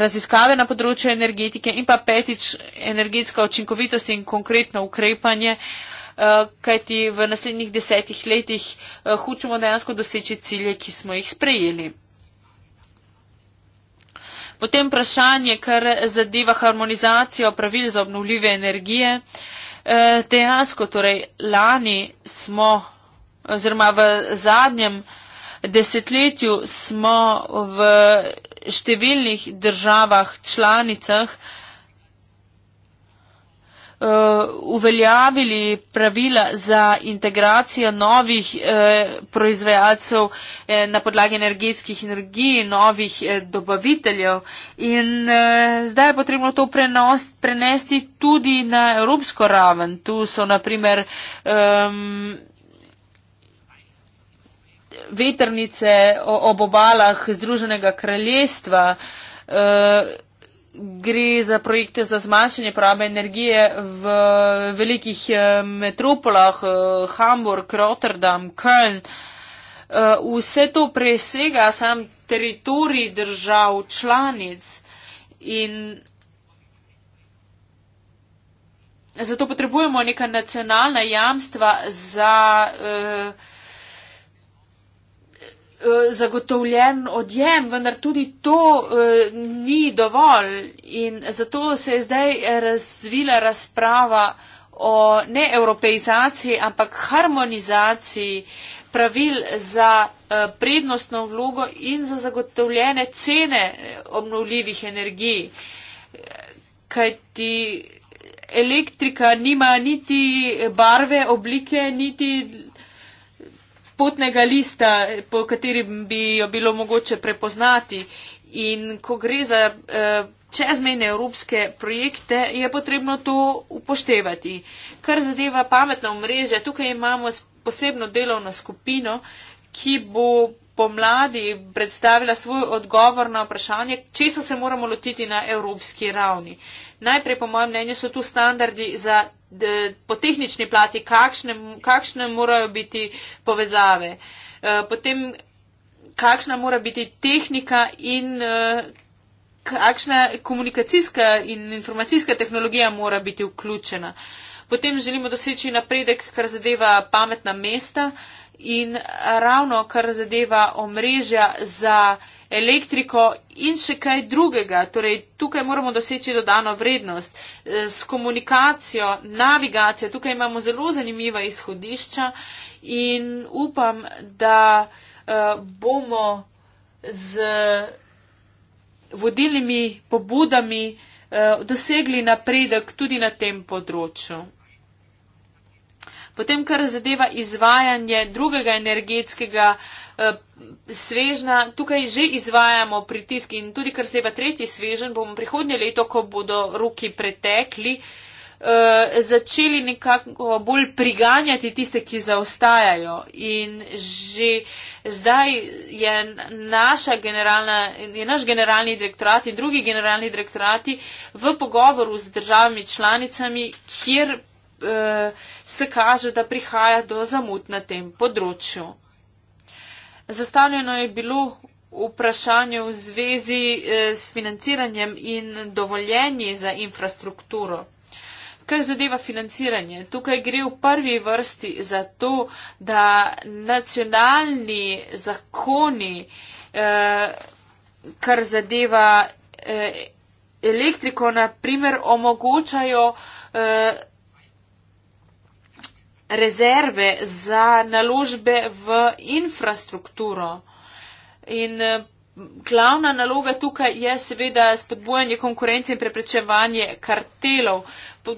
raziskave na področju energetike in pa petič energetska očinkovitost in konkretno ukrepanje. E, kajti v naslednjih desetih letih hočemo dejansko doseči cilje, ki smo jih sprejeli. Potem vprašanje, kar zadeva harmonizacijo pravil za obnovljive energije. Eh, dejansko, torej lani smo, oziroma v zadnjem desetletju smo v številnih državah članicah, Uh, uveljavili pravila za integracijo novih uh, proizvajalcev uh, na podlagi energetskih energij, novih dobaviteljev. In zdaj je potrebno to prenos, prenesti tudi na evropsko raven. Tu so naprimer um, vetrnice ob obalah Združenega kraljestva. Uh, gre za projekte za zmanjšanje porabe energije v velikih eh, metropolah, eh, Hamburg, Rotterdam, Köln. Eh, vse to presega sam teritorij držav članic in zato potrebujemo neka nacionalna jamstva za. Uh, Eh, zagotovljen odjem, vendar tudi to uh, ni dovolj in zato se je zdaj razvila razprava o ne evropeizaciji, ampak harmonizaciji pravil za uh, prednostno vlogo in za zagotovljene cene obnovljivih energij. Kajti elektrika nima niti barve, oblike, niti potnega lista, po katerem bi jo bilo mogoče prepoznati. In ko gre za uh, čezmejne evropske projekte, je potrebno to upoštevati. Kar zadeva pametna omrežja, tukaj imamo posebno delovno skupino, ki bo pomladi predstavila svoj odgovor na vprašanje, če se moramo lotiti na evropski ravni. Najprej, po mojem mnenju, so tu standardi za de, po tehnični plati, kakšne, kakšne morajo biti povezave, e, potem kakšna mora biti tehnika in e, kakšna komunikacijska in informacijska tehnologija mora biti vključena. Potem želimo doseči napredek, kar zadeva pametna mesta in ravno kar zadeva omrežja za elektriko in še kaj drugega. Torej, tukaj moramo doseči dodano vrednost. Eh, s komunikacijo, navigacijo, tukaj imamo zelo zanimiva izhodišča in upam, da eh, bomo z vodilnimi pobudami eh, dosegli napredek tudi na tem področju. Potem, kar zadeva izvajanje drugega energetskega eh, svežna, tukaj že izvajamo pritisk in tudi, kar zadeva tretji svežen, bomo prihodnje leto, ko bodo roki pretekli, eh, začeli nekako bolj priganjati tiste, ki zaostajajo. In že zdaj je, je naš generalni direktorat in drugi generalni direktorati v pogovoru z državami članicami, kjer se kaže, da prihaja do zamud na tem področju. Zastavljeno je bilo vprašanje v zvezi eh, s financiranjem in dovoljenji za infrastrukturo. Kar zadeva financiranje, tukaj gre v prvi vrsti za to, da nacionalni zakoni, eh, kar zadeva eh, elektriko, naprimer, omogočajo rezerve za naložbe v infrastrukturo. In eh, glavna naloga tukaj je seveda spodbujanje konkurence in preprečevanje kartelov.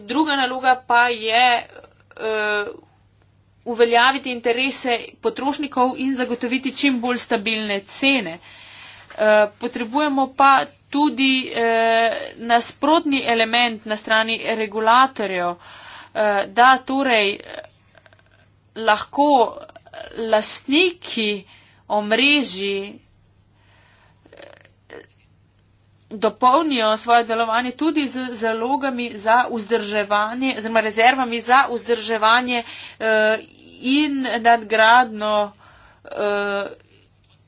Druga naloga pa je uh, uveljaviti interese potrošnikov in zagotoviti čim bolj stabilne cene. Uh, potrebujemo pa tudi uh, nasprotni element na strani regulatorjev, uh, da torej lahko lastniki omrežji eh, dopolnijo svoje delovanje tudi z zalogami za vzdrževanje, oziroma rezervami za vzdrževanje uh, in nadgradno uh, eh,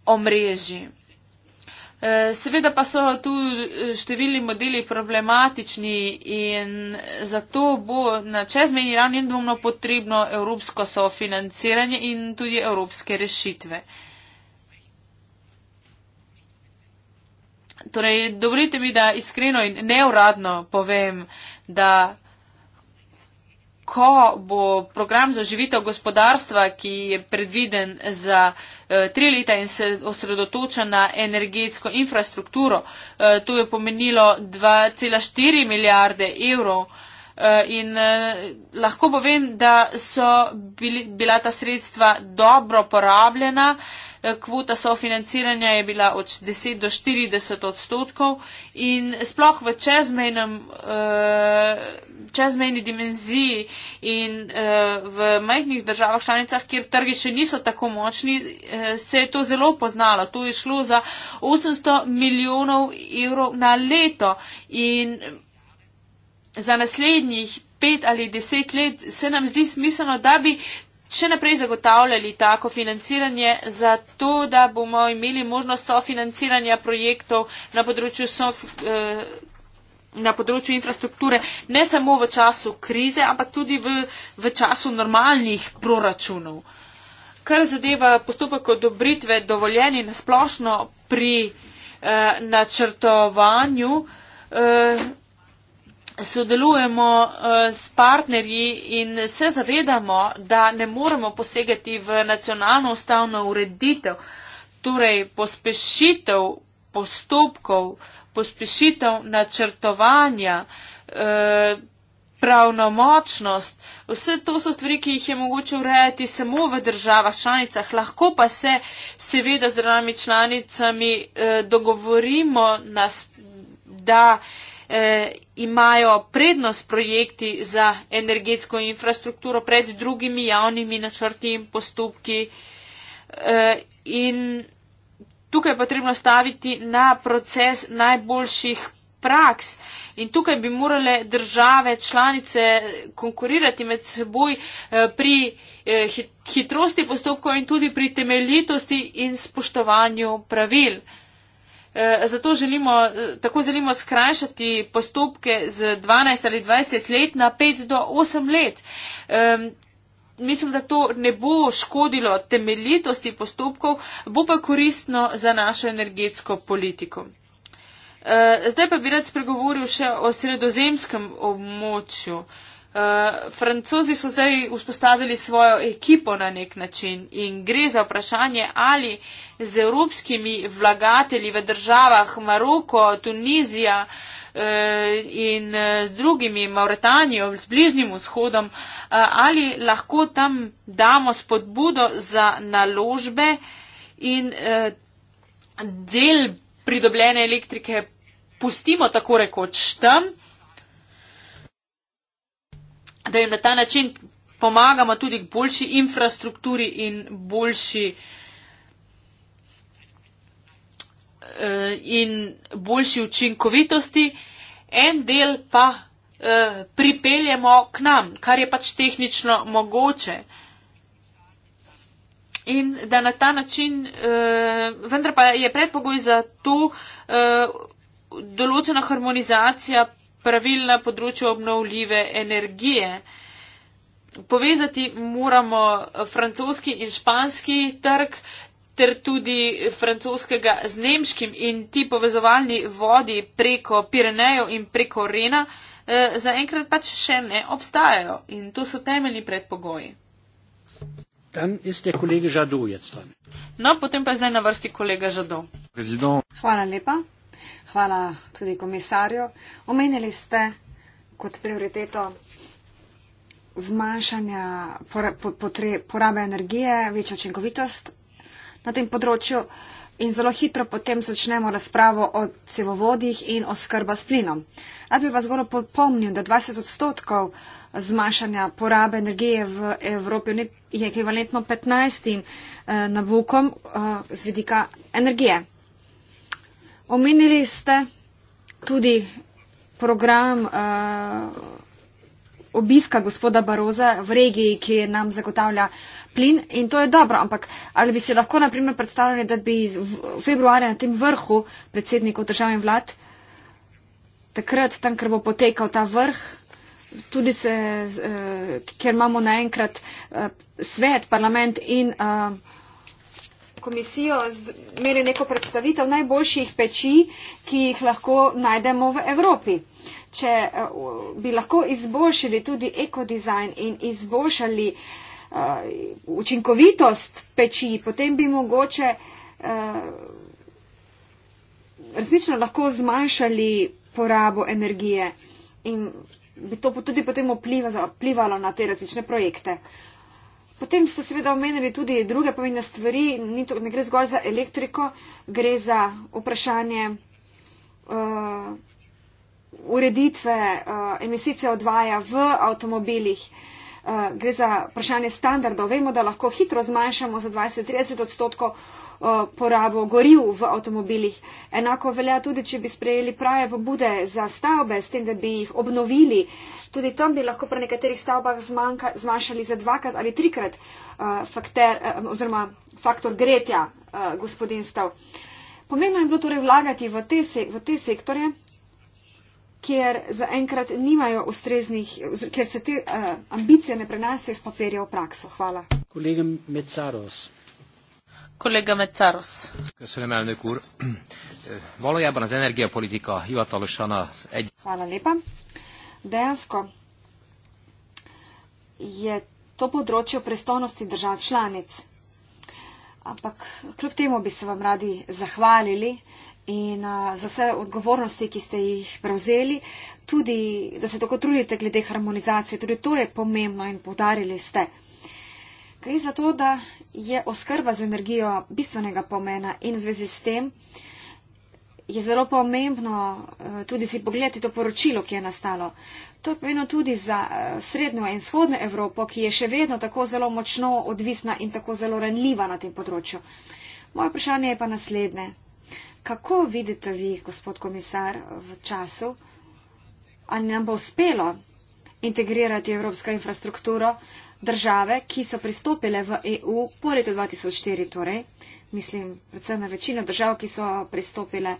omrežji. Seveda pa so tu eh, številni modeli problematični in zato bo na čezmeni ravni indvomno potrebno evropsko sofinanciranje in tudi evropske rešitve. Torej, dovolite mi, da iskreno in neuradno povem, da ko bo program za živitev gospodarstva, ki je predviden za eh, tri leta in se osredotoča na energetsko infrastrukturo, eh, to je pomenilo 2,4 milijarde evrov. Eh, in lahko povem, da so bili, bila ta sredstva dobro porabljena kvota sofinanciranja je bila od 10 do 40 odstotkov in sploh v čezmejnem, eh, čezmejni dimenziji in eh, v majhnih državah članicah, kjer trgi še niso tako močni, eh, se je to zelo poznalo. To je šlo za 800 milijonov evrov na leto in za naslednjih pet ali deset let se nam zdi smiselno, da bi še naprej zagotavljali tako financiranje, zato da bomo imeli možnost sofinanciranja projektov na področju, sof, eh, na področju infrastrukture, ne samo v času krize, ampak tudi v, v času normalnih proračunov. Kar zadeva postopek odobritve dovoljeni na splošno pri eh, načrtovanju, eh, sodelujemo eh, s partnerji in se zavedamo, da ne moremo posegati v nacionalno ustavno ureditev, torej pospešitev postopkov, pospešitev načrtovanja, eh, pravnomočnost. Vse to so stvari, ki jih je mogoče urejati samo v državah članicah. Lahko pa se seveda z državami članicami eh, dogovorimo, da eh, imajo prednost projekti za energetsko infrastrukturo pred drugimi javnimi načrti in postopki. Eh, in tukaj je potrebno staviti na proces najboljših praks in tukaj bi morale države članice konkurirati med seboj eh, pri eh, hitrosti postopkov in tudi pri temeljitosti in spoštovanju pravil. Eh, zato želimo, eh, tako želimo skrajšati postopke z 12 ali 20 let na 5 do 8 let. Mislim, da to ne bo škodilo temeljitosti postopkov, bo pa koristno za našo energetsko politiko. Eh, zdaj pa bi rad spregovoril še o sredozemskem območju. Uh, Francozi so zdaj vzpostavili svojo ekipo na nek način in gre za vprašanje, ali z evropskimi vlagatelji v državah Maroko, Tunizija uh, in eh, z drugimi Mauretanijo, z bližnjim vzhodom, uh, ali lahko tam damo spodbudo za naložbe in uh, del pridobljene elektrike pustimo tako rekoč tam da jim na ta način pomagamo tudi k boljši infrastrukturi in boljši. Eh, in boljši učinkovitosti, en del pa eh, pripeljemo k nam, kar je pač tehnično mogoče. In da na ta način, eh, vendar pa je predpogoj za to eh, določena harmonizacija pravil na področju obnovljive energije. Povezati moramo francoski in španski trg ter tudi francoskega z nemškim in ti povezovalni vodi preko Pirenejo in preko Rena eh, zaenkrat pač še ne obstajajo in to so temeljni predpogoji. No, potem pa je zdaj na vrsti kolega Žado. Hvala lepa. Hvala tudi komisarju. Omenili ste kot prioriteto zmanjšanja porabe energije, večjo učinkovitost na tem področju in zelo hitro potem začnemo razpravo o cevovodih in o skrba s plinom. Rad bi vas zgolj popomnil, da 20 odstotkov zmanjšanja porabe energije v Evropi je ekvivalentno 15 eh, nabukom eh, z vidika energije. Omenili ste tudi program uh, obiska gospoda Baroza v regiji, ki nam zagotavlja plin in to je dobro, ampak ali bi se lahko naprimer predstavljali, da bi v februarju na tem vrhu predsednikov držav in vlad, takrat, tam, ker bo potekal ta vrh, tudi se, uh, eh, ker imamo naenkrat uh, svet, parlament in. Uh, komisijo imeli neko predstavitev najboljših peči, ki jih lahko najdemo v Evropi. Če eh, bi lahko izboljšali tudi ekodizajn in izboljšali uh, učinkovitost peči, potem bi mogoče uh, resnično lahko zmanjšali porabo energije in bi to tudi potem vplivalo na te različne projekte. Uh, Potem ste seveda omenili tudi druge pomembne stvari, to, ne gre zgolj za elektriko, gre za vprašanje uh, ureditve uh, emisij CO2 ja v avtomobilih, uh, gre za vprašanje standardov. Vemo, da lahko hitro zmanjšamo za 20-30 odstotkov Eh, porabo goril v avtomobilih. Enako velja tudi, če bi sprejeli prave pobude za stavbe, s tem, da bi jih obnovili. Tudi tam bi lahko pri nekaterih stavbah zmanjka, zmanjšali za dvakrat ali trikrat uh, eh, faktor, uh, eh, oziroma faktor gretja uh, gospodinstv. Pomembno je bilo torej vlagati v te, v te sektorje, kjer zaenkrat nimajo ustreznih, kjer se te uh, ambicije ne prenasijo iz papirja v prakso. Hvala. Kolega Mecaros. Valójában az energiapolitika hivatalosan az egy. Dejansko je to področje v prestolnosti držav članic. Ampak kljub temu bi se vam radi zahvalili in za vse odgovornosti, ki ste jih prevzeli, tudi da se tako trudite glede harmonizacije, tudi to je pomembno in podarili ste. Gre za to, da je oskrba z energijo bistvenega pomena in v zvezi s tem je zelo pomembno eh, tudi si pogledati to poročilo, ki je nastalo. To je pomeno tudi za eh, srednjo in shodno Evropo, ki je še vedno tako zelo močno odvisna in tako zelo renljiva na tem področju. Moje vprašanje je pa naslednje. Kako vidite vi, gospod komisar, v času, ali nam bo uspelo integrirati evropsko infrastrukturo? države, ki so pristopile v EU po letu 2004, torej, mislim, predvsem na večino držav, ki so pristopile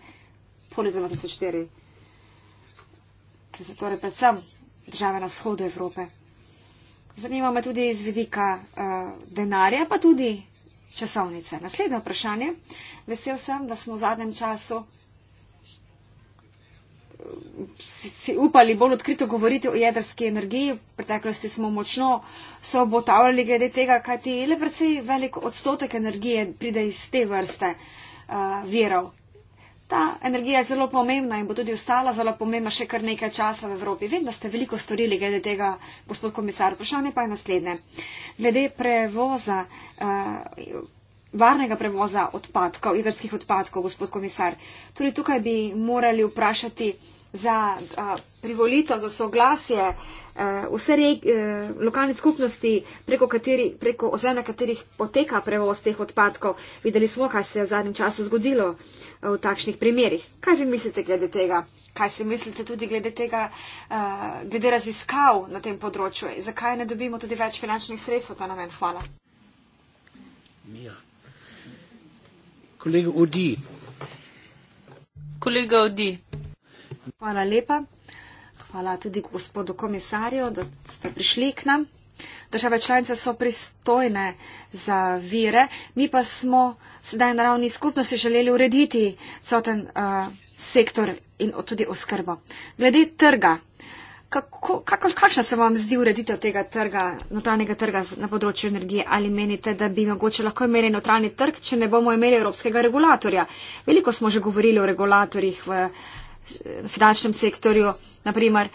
po letu 2004, ki so torej predvsem države na shodu Evrope. Zanima me tudi iz vidika uh, denarja, pa tudi časovnice. Naslednje vprašanje. Vesel sem, da smo v zadnjem času si upali bolj odkrito govoriti o jedrski energiji. V preteklosti smo močno se obotavljali glede tega, kaj ti le predvsej velik odstotek energije pride iz te vrste uh, eh, verov. Ta energija je zelo pomembna in bo tudi ostala zelo pomembna še kar nekaj časa v Evropi. Vem, da ste veliko storili glede tega, gospod komisar. Vprašanje pa je naslednje. Glede prevoza. Uh, varnega prevoza odpadkov, jedrskih odpadkov, gospod komisar. Tudi torej, tukaj bi morali vprašati, uh, za a, privolitev, za soglasje a, vse re, a, e, lokalne skupnosti, preko, kateri, preko ozemlja katerih poteka prevoz teh odpadkov. Videli smo, kaj se je v zadnjem času zgodilo a, e, v takšnih primerjih. Kaj vi mislite glede tega? Kaj si mislite tudi glede tega, a, e, glede raziskav na tem področju? Zakaj ne dobimo tudi več finančnih sredstv ta namen? Hvala. Mija. Kolega Odi. Kolega Odi. Hvala lepa. Hvala tudi gospodu komisarju, da ste prišli k nam. Države članice so pristojne za vire, mi pa smo sedaj na ravni skupnosti želeli urediti celoten uh, sektor in tudi oskrbo. Glede trga, kako, kako, kakšna se vam zdi ureditev tega trga, notranjega trga na področju energije? Ali menite, da bi mogoče lahko imeli notranji trg, če ne bomo imeli evropskega regulatorja? Veliko smo že govorili o regulatorjih v. Uh, finančnem sektorju, naprimer.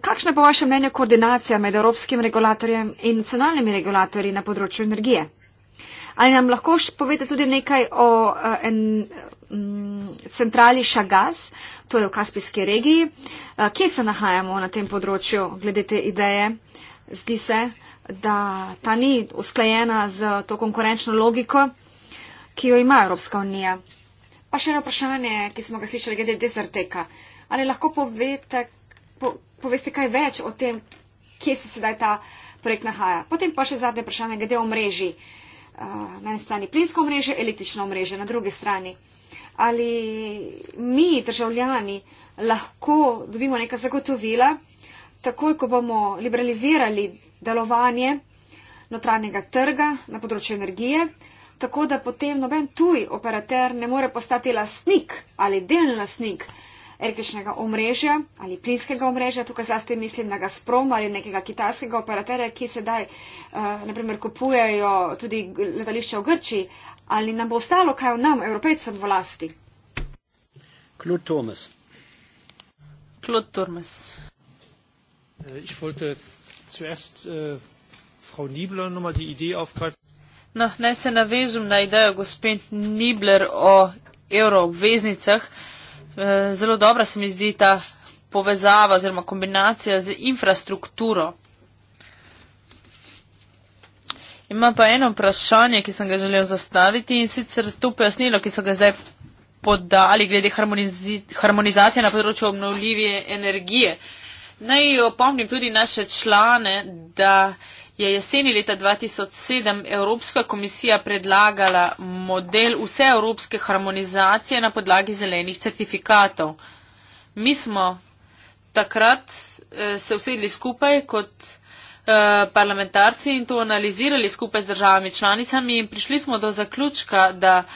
Kakšna po vašem mnenju koordinacija med evropskim regulatorjem in nacionalnimi regulatorji na področju energije? Ali nam lahko povete tudi nekaj o uh, en, um, centrali Šagaz, to je v Kaspijski regiji? Uh, kje se nahajamo na tem področju glede te ideje? Zdi se, da ta ni usklajena z to konkurenčno logiko, ki jo ima Evropska unija. Pa še eno vprašanje, ki smo ga slišali glede dezerteka. Ali lahko povete, po, poveste kaj več o tem, kje se sedaj ta projekt nahaja? Potem pa še zadnje vprašanje glede o mreži. Eh, na eni strani plinsko mreže, električno mreže, na drugi strani. Ali mi, državljani, lahko dobimo neka zagotovila, takoj, ko bomo liberalizirali delovanje notranjega trga na področju energije, tako da potem noben tuj operater ne more postati lastnik ali delnostnik električnega omrežja ali plinskega omrežja, tukaj zlasti mislim na Gazprom ali nekega kitajskega operaterja, ki sedaj eh, naprimer kupujejo tudi letališče v Grčiji, ali nam bo ostalo kaj v nam, evropejcem, v lasti. Claude Thomas. Claude Thomas. Ich wollte zuerst äh, Frau Niebler nochmal die Idee aufgreifen. No, naj se navezem na idejo gospe Nibler o euroobveznicah. Eh, zelo dobra se mi zdi ta povezava oziroma kombinacija z infrastrukturo. Imam pa eno vprašanje, ki sem ga želel zastaviti in sicer to pojasnilo, ki so ga zdaj podali glede harmonizacije na področju obnovljive energije. Naj opomnim tudi naše člane, da je jeseni leta 2007 Evropska komisija predlagala model vseevropske harmonizacije na podlagi zelenih certifikatov. Mi smo takrat eh, se usedli skupaj kot eh, parlamentarci in to analizirali skupaj z državami članicami in prišli smo do zaključka, da eh,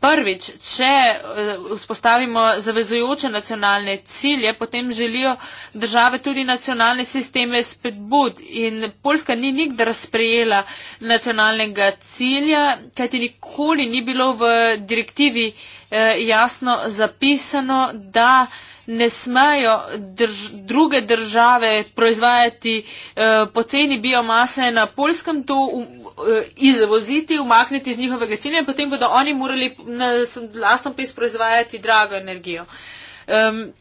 Prvič, če eh, vzpostavimo zavezujoče nacionalne cilje, potem želijo države tudi nacionalne sisteme spetbud in Poljska ni nikdar sprejela nacionalnega cilja, kajti nikoli ni bilo v direktivi eh, jasno zapisano, da ne smejo drž druge države proizvajati eh, poceni biomase na Poljskem. Eh, izvoziti, umakniti iz njihovega cilja in potem bodo oni morali na lastno pes proizvajati drago energijo. Um,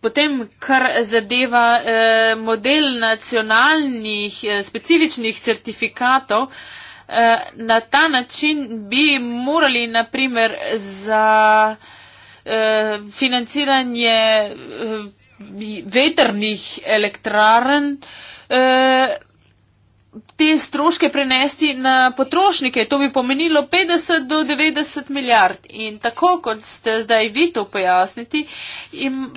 potem, kar zadeva eh, model nacionalnih eh, specifičnih certifikatov, eh, na ta način bi morali, naprimer, za eh, financiranje eh, vetrnih elektrarn eh, te stroške prenesti na potrošnike. To bi pomenilo 50 do 90 milijard. In tako kot ste zdaj vi to pojasniti, im,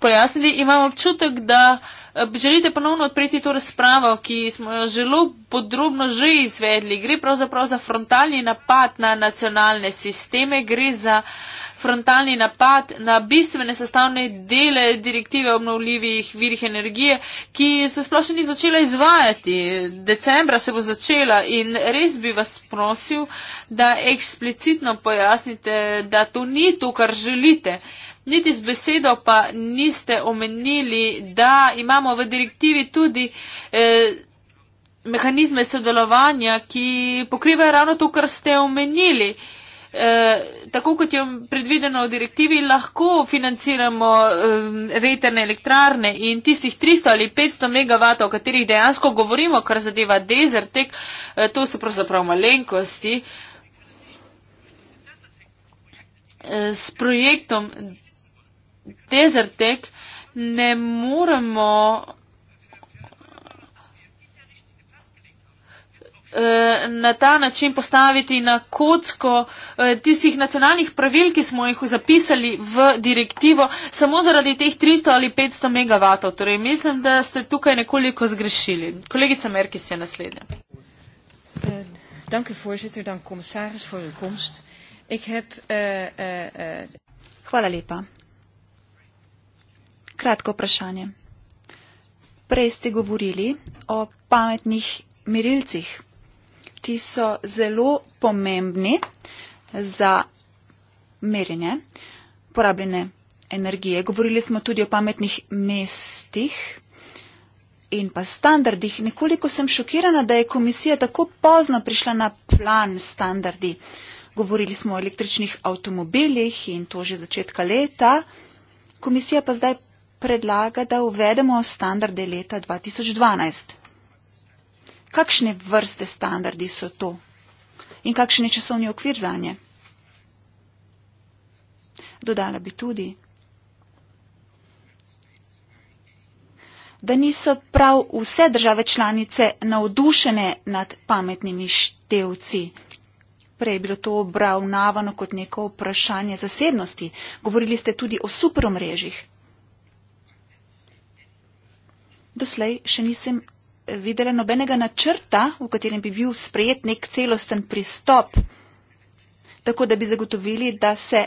pojasnili, imam občutek, da eh, želite ponovno odpreti to razpravo, ki smo jo zelo podrobno že izvedli. Gre pravzaprav za frontalni napad na nacionalne sisteme, gre za uh, frontalni napad na bistvene sestavne dele direktive obnovljivih virih energije, ki se sploh še ni začela izvajati. Decembra se bo začela in res bi vas prosil, da eksplicitno pojasnite, da to ni to, kar želite. Niti z besedo pa niste omenili, da imamo v direktivi tudi eh, mehanizme sodelovanja, ki pokrivajo ravno to, kar ste omenili. Eh, Eh, tako kot je predvideno v direktivi, lahko financiramo eh, veterne elektrarne in tistih 300 ali 500 megavatov, o katerih dejansko govorimo, kar zadeva dezertek, eh, to so pravzaprav malenkosti. Eh, s projektom Desertek ne moremo Eh, na ta način postaviti na kocko eh, tistih nacionalnih pravil, ki smo jih zapisali v direktivo, samo zaradi teh 300 ali 500 megavatov. Torej, mislim, da ste tukaj nekoliko zgrešili. Kolegica Merkis je naslednja. Eh, Hvala lepa. Kratko vprašanje. Prej ste govorili o pametnih merilcih ti so zelo pomembni za merjenje porabljene energije. Govorili smo tudi o pametnih mestih in pa standardih. Nekoliko sem šokirana, da je komisija tako pozno prišla na plan standardi. Govorili smo o električnih avtomobilih in to že začetka leta. Komisija pa zdaj predlaga, da uvedemo standarde leta 2012 kakšne vrste standardi so to in kakšen je časovni okvir za nje. Dodala bi tudi, da niso prav vse države članice navdušene nad pametnimi števci. Prej je bilo to obravnavano kot neko vprašanje zasebnosti. Govorili ste tudi o supermrežjih. Doslej še nisem videla nobenega načrta, v katerem bi bil sprejet nek celosten pristop, tako da bi zagotovili, da se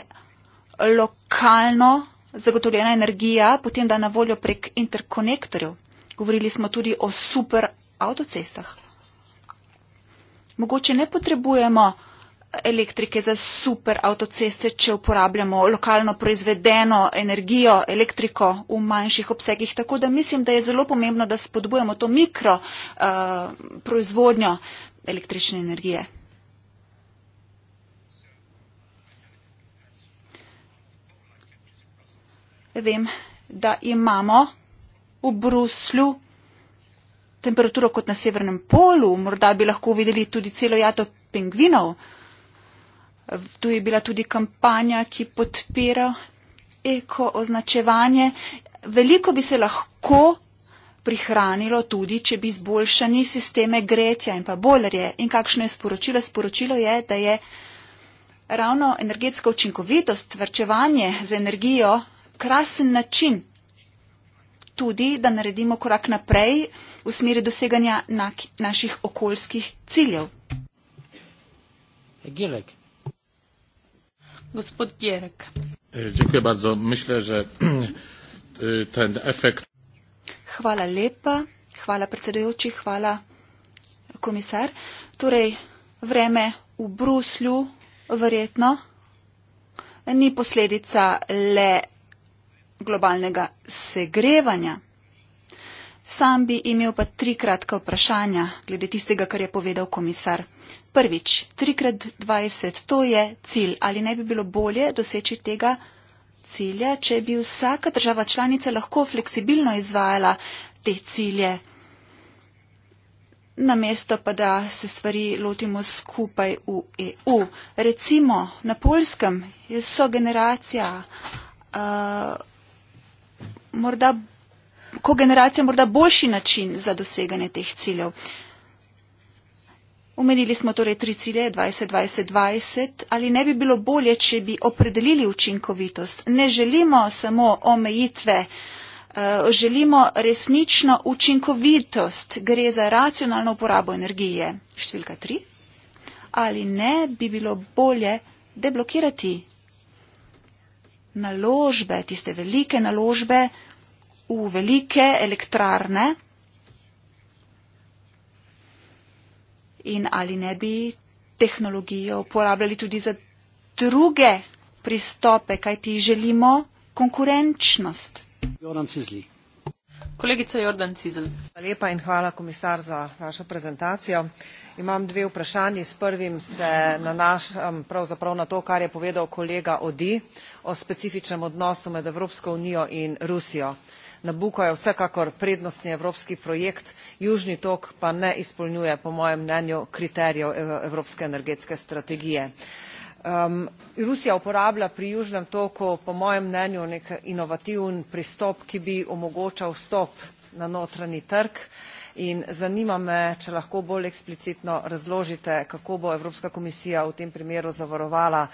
lokalno zagotovljena energija potem da na voljo prek interkonektorjev. Govorili smo tudi o super avtocestah. Mogoče ne potrebujemo elektrike za super avtoceste, če uporabljamo lokalno proizvedeno energijo, elektriko v manjših obsegih. Tako da mislim, da je zelo pomembno, da spodbujamo to mikro uh, proizvodnjo električne energije. Vem, da imamo v Bruslju temperaturo kot na severnem polu, morda bi lahko videli tudi celo jato pingvinov. Uh, Tu je bila tudi kampanja, ki podpira eko označevanje. Veliko bi se lahko prihranilo tudi, če bi izboljšani sisteme gretja in pa bolerje. In kakšno je sporočilo? Sporočilo je, da je ravno energetska učinkovitost, vrčevanje z energijo, krasen način tudi, da naredimo korak naprej v smeri doseganja na, naših okoljskih ciljev. Gilek. Hey, Gospod Gierek. E, dziękuję bardzo. Myślę, że e, ten efekt. Hvala lepa, hvala predsedujoči, hvala komisar. Torej, vreme v Bruslju verjetno ni posledica le globalnega segrevanja. Sam bi imel pa tri kratka vprašanja glede tistega, kar je povedal komisar prvič, trikrat dvajset, to je cilj. Ali ne bi bilo bolje doseči tega cilja, če bi vsaka država članica lahko fleksibilno izvajala te cilje? Na mesto pa, da se stvari lotimo skupaj v EU. Recimo na polskem je so generacija, uh, morda, ko generacija morda boljši način za doseganje teh ciljev. Uh, Umenili smo torej tri cilje 2020-2020. Ali ne bi bilo bolje, če bi opredelili učinkovitost? Ne želimo samo omejitve, eh, želimo resnično učinkovitost. Gre za racionalno uporabo energije. Številka tri. Ali ne bi bilo bolje deblokirati naložbe, tiste velike naložbe v velike elektrarne? in ali ne bi tehnologijo uporabljali tudi za druge pristope, kaj ti želimo konkurenčnost. Kolegica Jordan Cizl. Hvala lepa in hvala komisar za vašo prezentacijo. Imam dve vprašanji. S prvim se nanašam pravzaprav na to, kar je povedal kolega Odi o specifičnem odnosu med Evropsko unijo in Rusijo. Nabucco je vsekakor prednostni evropski projekt, Južni tok pa ne izpolnjuje po mojem mnenju kriterijev evropske energetske strategije. Um, Rusija uporablja pri Južnem toku po mojem mnenju nek inovativen pristop, ki bi omogočal vstop na notranji trg in zanima me, če lahko bolj eksplicitno razložite, kako bo Evropska komisija v tem primeru zavarovala uh,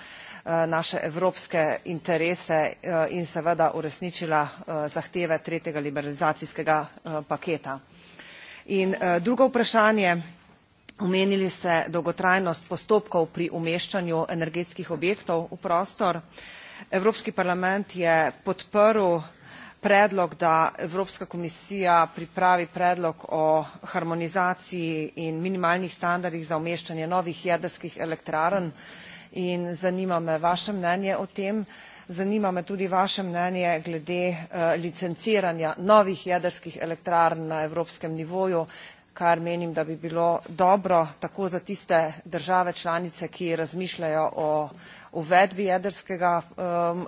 Eh, naše evropske interese eh, in seveda uresničila eh, zahteve tretjega liberalizacijskega paketa. In drugo vprašanje. Omenili ste dolgotrajnost postopkov pri umeščanju energetskih objektov v prostor. Evropski parlament je podprl predlog, da Evropska komisija pripravi predlog o harmonizaciji in minimalnih standardih za umeščanje novih jedrskih elektrarn in zanima me vaše mnenje o tem. Zanima me tudi vaše mnenje glede eh, licenciranja novih jedrskih elektrarn na evropskem nivoju, kar menim, da bi bilo dobro tako za tiste države članice, ki razmišljajo o uvedbi jedrskega,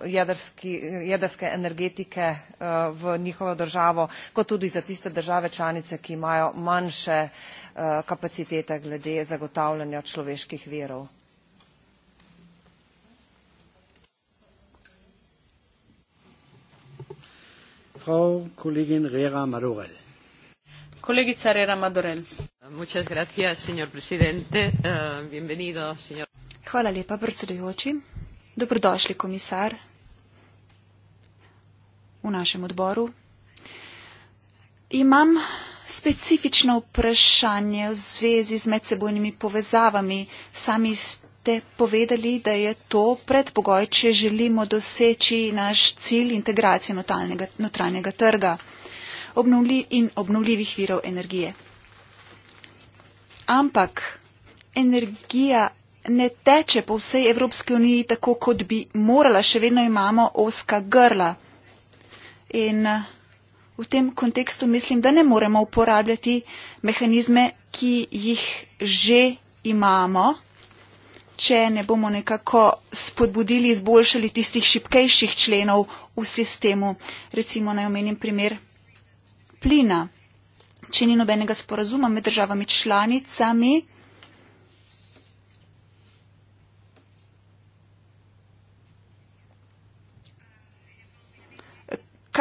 jedrski, jedrske energetike eh, v njihovo državo, kot tudi za tiste države članice, ki imajo manjše eh, kapacitete glede zagotavljanja človeških virov. Frau Kollegin Rera Madurell. Kollegin Rera Madurell. Muchas gracias, señor presidente. Uh, bienvenido, señor. Hvala lepa, predsedujoči. Dobrodošli, komisar, v našem odboru. Imam specifično vprašanje v zvezi z medsebojnimi povezavami samih ste povedali, da je to predpogoj, če želimo doseči naš cilj integracije notalnega, notranjega trga obnovli in obnovljivih virov energije. Ampak energija ne teče po vsej Evropski uniji tako, kot bi morala. Še vedno imamo oska grla. In v tem kontekstu mislim, da ne moremo uporabljati mehanizme, ki jih že imamo če ne bomo nekako spodbudili, izboljšali tistih šipkejših členov v sistemu. Recimo naj omenim primer plina. Če ni nobenega sporazuma med državami članicami,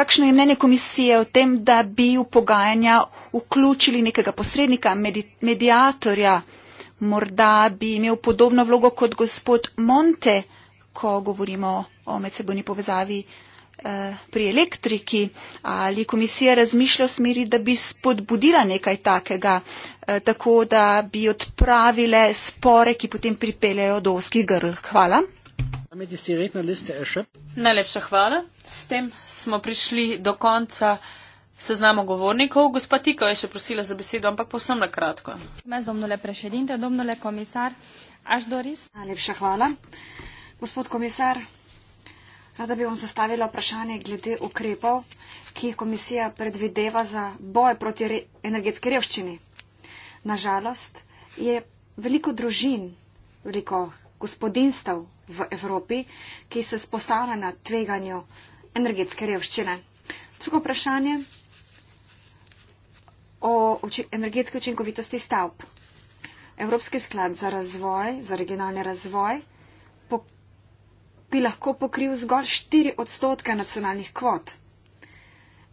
kakšno je mnenje komisije o tem, da bi v pogajanja vključili nekega posrednika, medi, medijatorja, morda bi imel podobno vlogo kot gospod Monte, ko govorimo o medsebojni povezavi eh, pri elektriki, ali komisija razmišlja v smeri, da bi spodbudila nekaj takega, eh, tako da bi odpravile spore, ki potem pripeljajo do oskih grl. Hvala. Najlepša hvala. S tem smo prišli do konca seznamu govornikov. Gospa Tiko je še prosila za besedo, ampak povsem na kratko. Mes domnule prešedinte, domnule komisar Aždoris. Najlepša hvala. Gospod komisar, rada bi vam zastavila vprašanje glede ukrepov, ki jih komisija predvideva za boje proti re energetski revščini. Nažalost je veliko družin, veliko gospodinstv v Evropi, ki se spostavlja na tveganju energetske revščine. Drugo vprašanje o energetski učinkovitosti stavb. Evropski sklad za razvoj, za regionalni razvoj, bi lahko pokril zgolj 4 odstotke nacionalnih kvot.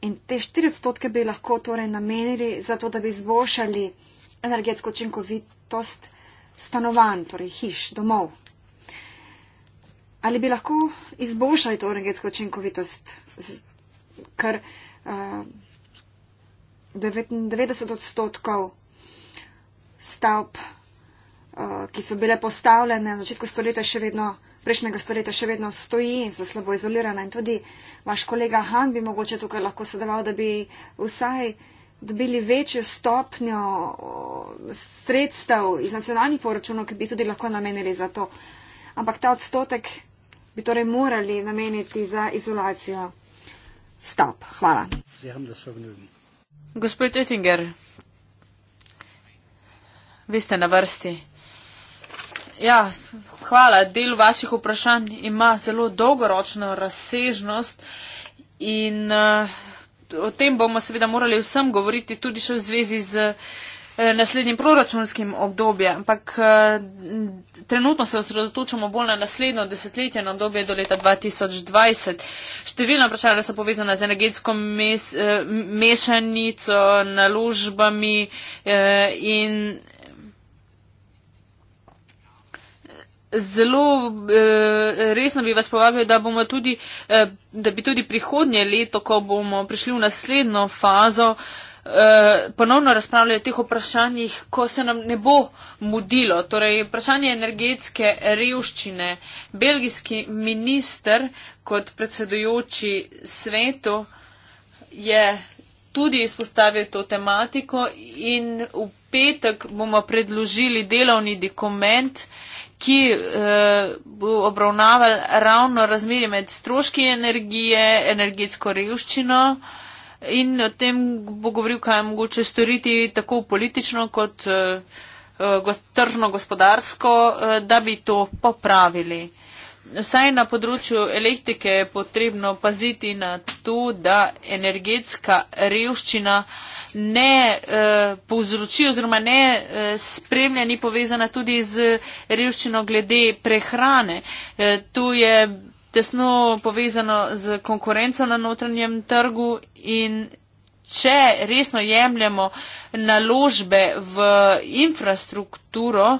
In te 4 odstotke bi lahko torej namenili za to, da bi izboljšali energetsko učinkovitost stanovanj, torej hiš, domov. Ali bi lahko izboljšali to energetsko učinkovitost, ker uh, eh, 99 odstotkov stavb, eh, ki so bile postavljene na začetku stoletja, še vedno, prejšnjega stoletja, še vedno stoji in so slabo izolirane. In tudi vaš kolega Han bi mogoče tukaj lahko sodeloval, da bi vsaj dobili večjo stopnjo eh, sredstev iz nacionalnih poračunov, ki bi tudi lahko namenili za to. Ampak ta odstotek bi torej morali nameniti za izolacijo. Stop. Hvala. Sie haben das Vergnügen. Gospod Oettinger, vi ste na vrsti. Ja, hvala. Del vaših vprašanj ima zelo dolgoročno razsežnost in uh, o tem bomo seveda morali vsem govoriti tudi še v zvezi z uh, Eh, naslednjim proračunskim obdobjem, ampak eh, trenutno se osredotočamo bolj na naslednjo desetletje, na obdobje do leta 2020. Številna vprašanja so povezana z energetsko mes, eh, mešanico, naložbami in. Zelo resno bi vas povabil, da, tudi, da bi tudi prihodnje leto, ko bomo prišli v naslednjo fazo, Eh, ponovno razpravljajo o teh vprašanjih, ko se nam ne bo mudilo. Torej, vprašanje energetske revščine. Belgijski minister kot predsedujoči svetu je tudi izpostavil to tematiko in v petek bomo predložili delovni dokument ki eh, bo obravnaval ravno razmerje med stroški energije, energetsko revščino eh, in o tem bo govoril, kaj je mogoče storiti tako politično kot eh, eh, tržno-gospodarsko, eh, da bi to popravili. Vsaj na področju elektrike je potrebno paziti na to, da energetska revščina ne povzroči oziroma ne spremlja, ni povezana tudi z revščino glede prehrane. Tu je tesno povezano z konkurenco na notranjem trgu in če resno jemljemo naložbe v infrastrukturo, eh,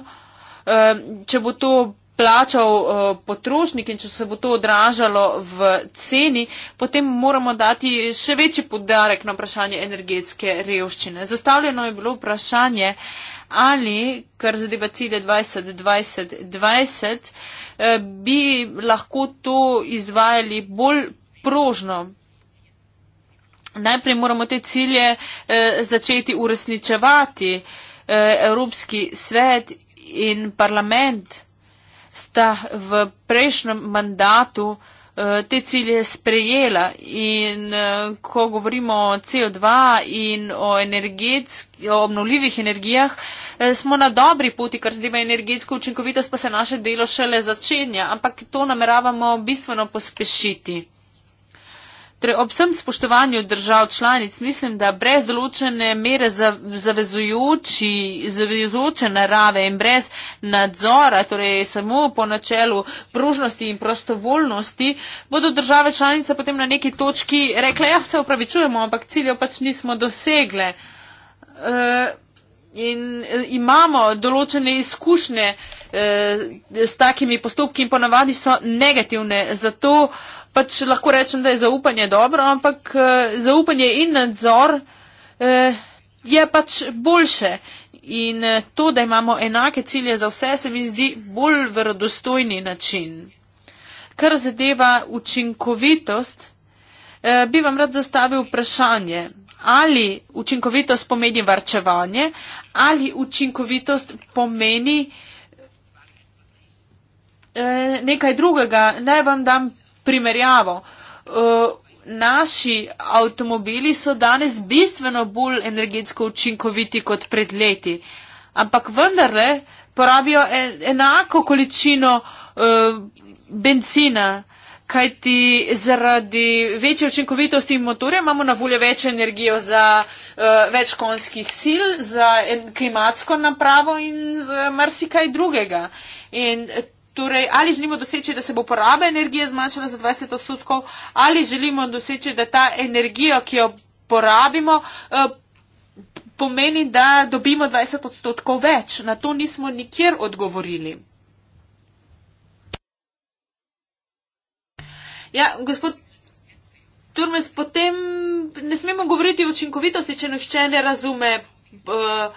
če bo to plačal eh, potrošnik in če se bo to odražalo v ceni, potem moramo dati še večji podarek na vprašanje energetske revščine. Zastavljeno je bilo vprašanje, ali, kar zadeva cilje 2020-2020, Eh, bi lahko to izvajali bolj prožno. Najprej moramo te cilje eh, začeti uresničevati. Eh, Evropski svet in parlament sta v prejšnjem mandatu Eh, te cilje sprejela in eh, ko govorimo o CO2 in o, o obnovljivih energijah, eh, smo na dobri poti, kar zdaj ima energetsko učinkovitost, pa se naše delo šele začenja, ampak to nameravamo bistveno pospešiti. Torej, ob vsem spoštovanju držav članic, mislim, da brez določene mere zavezujoči, zavezujoče narave in brez nadzora, torej samo po načelu pružnosti in prostovoljnosti, bodo države članice potem na neki točki rekle, ja, se upravičujemo, ampak ciljev pač nismo dosegle. E, in eh, imamo določene izkušnje e, s takimi postopki in ponavadi so negativne. Zato, pač lahko rečem, da je zaupanje dobro, ampak uh, zaupanje in nadzor uh, je pač boljše. In uh, to, da imamo enake cilje za vse, se mi zdi bolj verodostojni način. Kar zadeva učinkovitost, eh, bi vam rad zastavil vprašanje, ali učinkovitost pomeni varčevanje, ali učinkovitost pomeni eh, nekaj drugega. Naj vam dam primerjavo. Eh, naši avtomobili so danes bistveno bolj energetsko učinkoviti kot pred leti, ampak vendarle porabijo e, enako količino eh, benzina, kajti zaradi večje učinkovitosti motorja imamo na voljo več energijo za eh, več konskih sil, za klimatsko napravo in za marsikaj drugega. In Torej, ali želimo doseči, da se bo poraba energije zmanjšala za 20 odstotkov, ali želimo doseči, da ta energija, ki jo porabimo, eh, pomeni, da dobimo 20 odstotkov več. Na to nismo nikjer odgovorili. Ja, gospod Turmes, potem ne smemo govoriti o učinkovitosti, če nihče ne razume. Uh,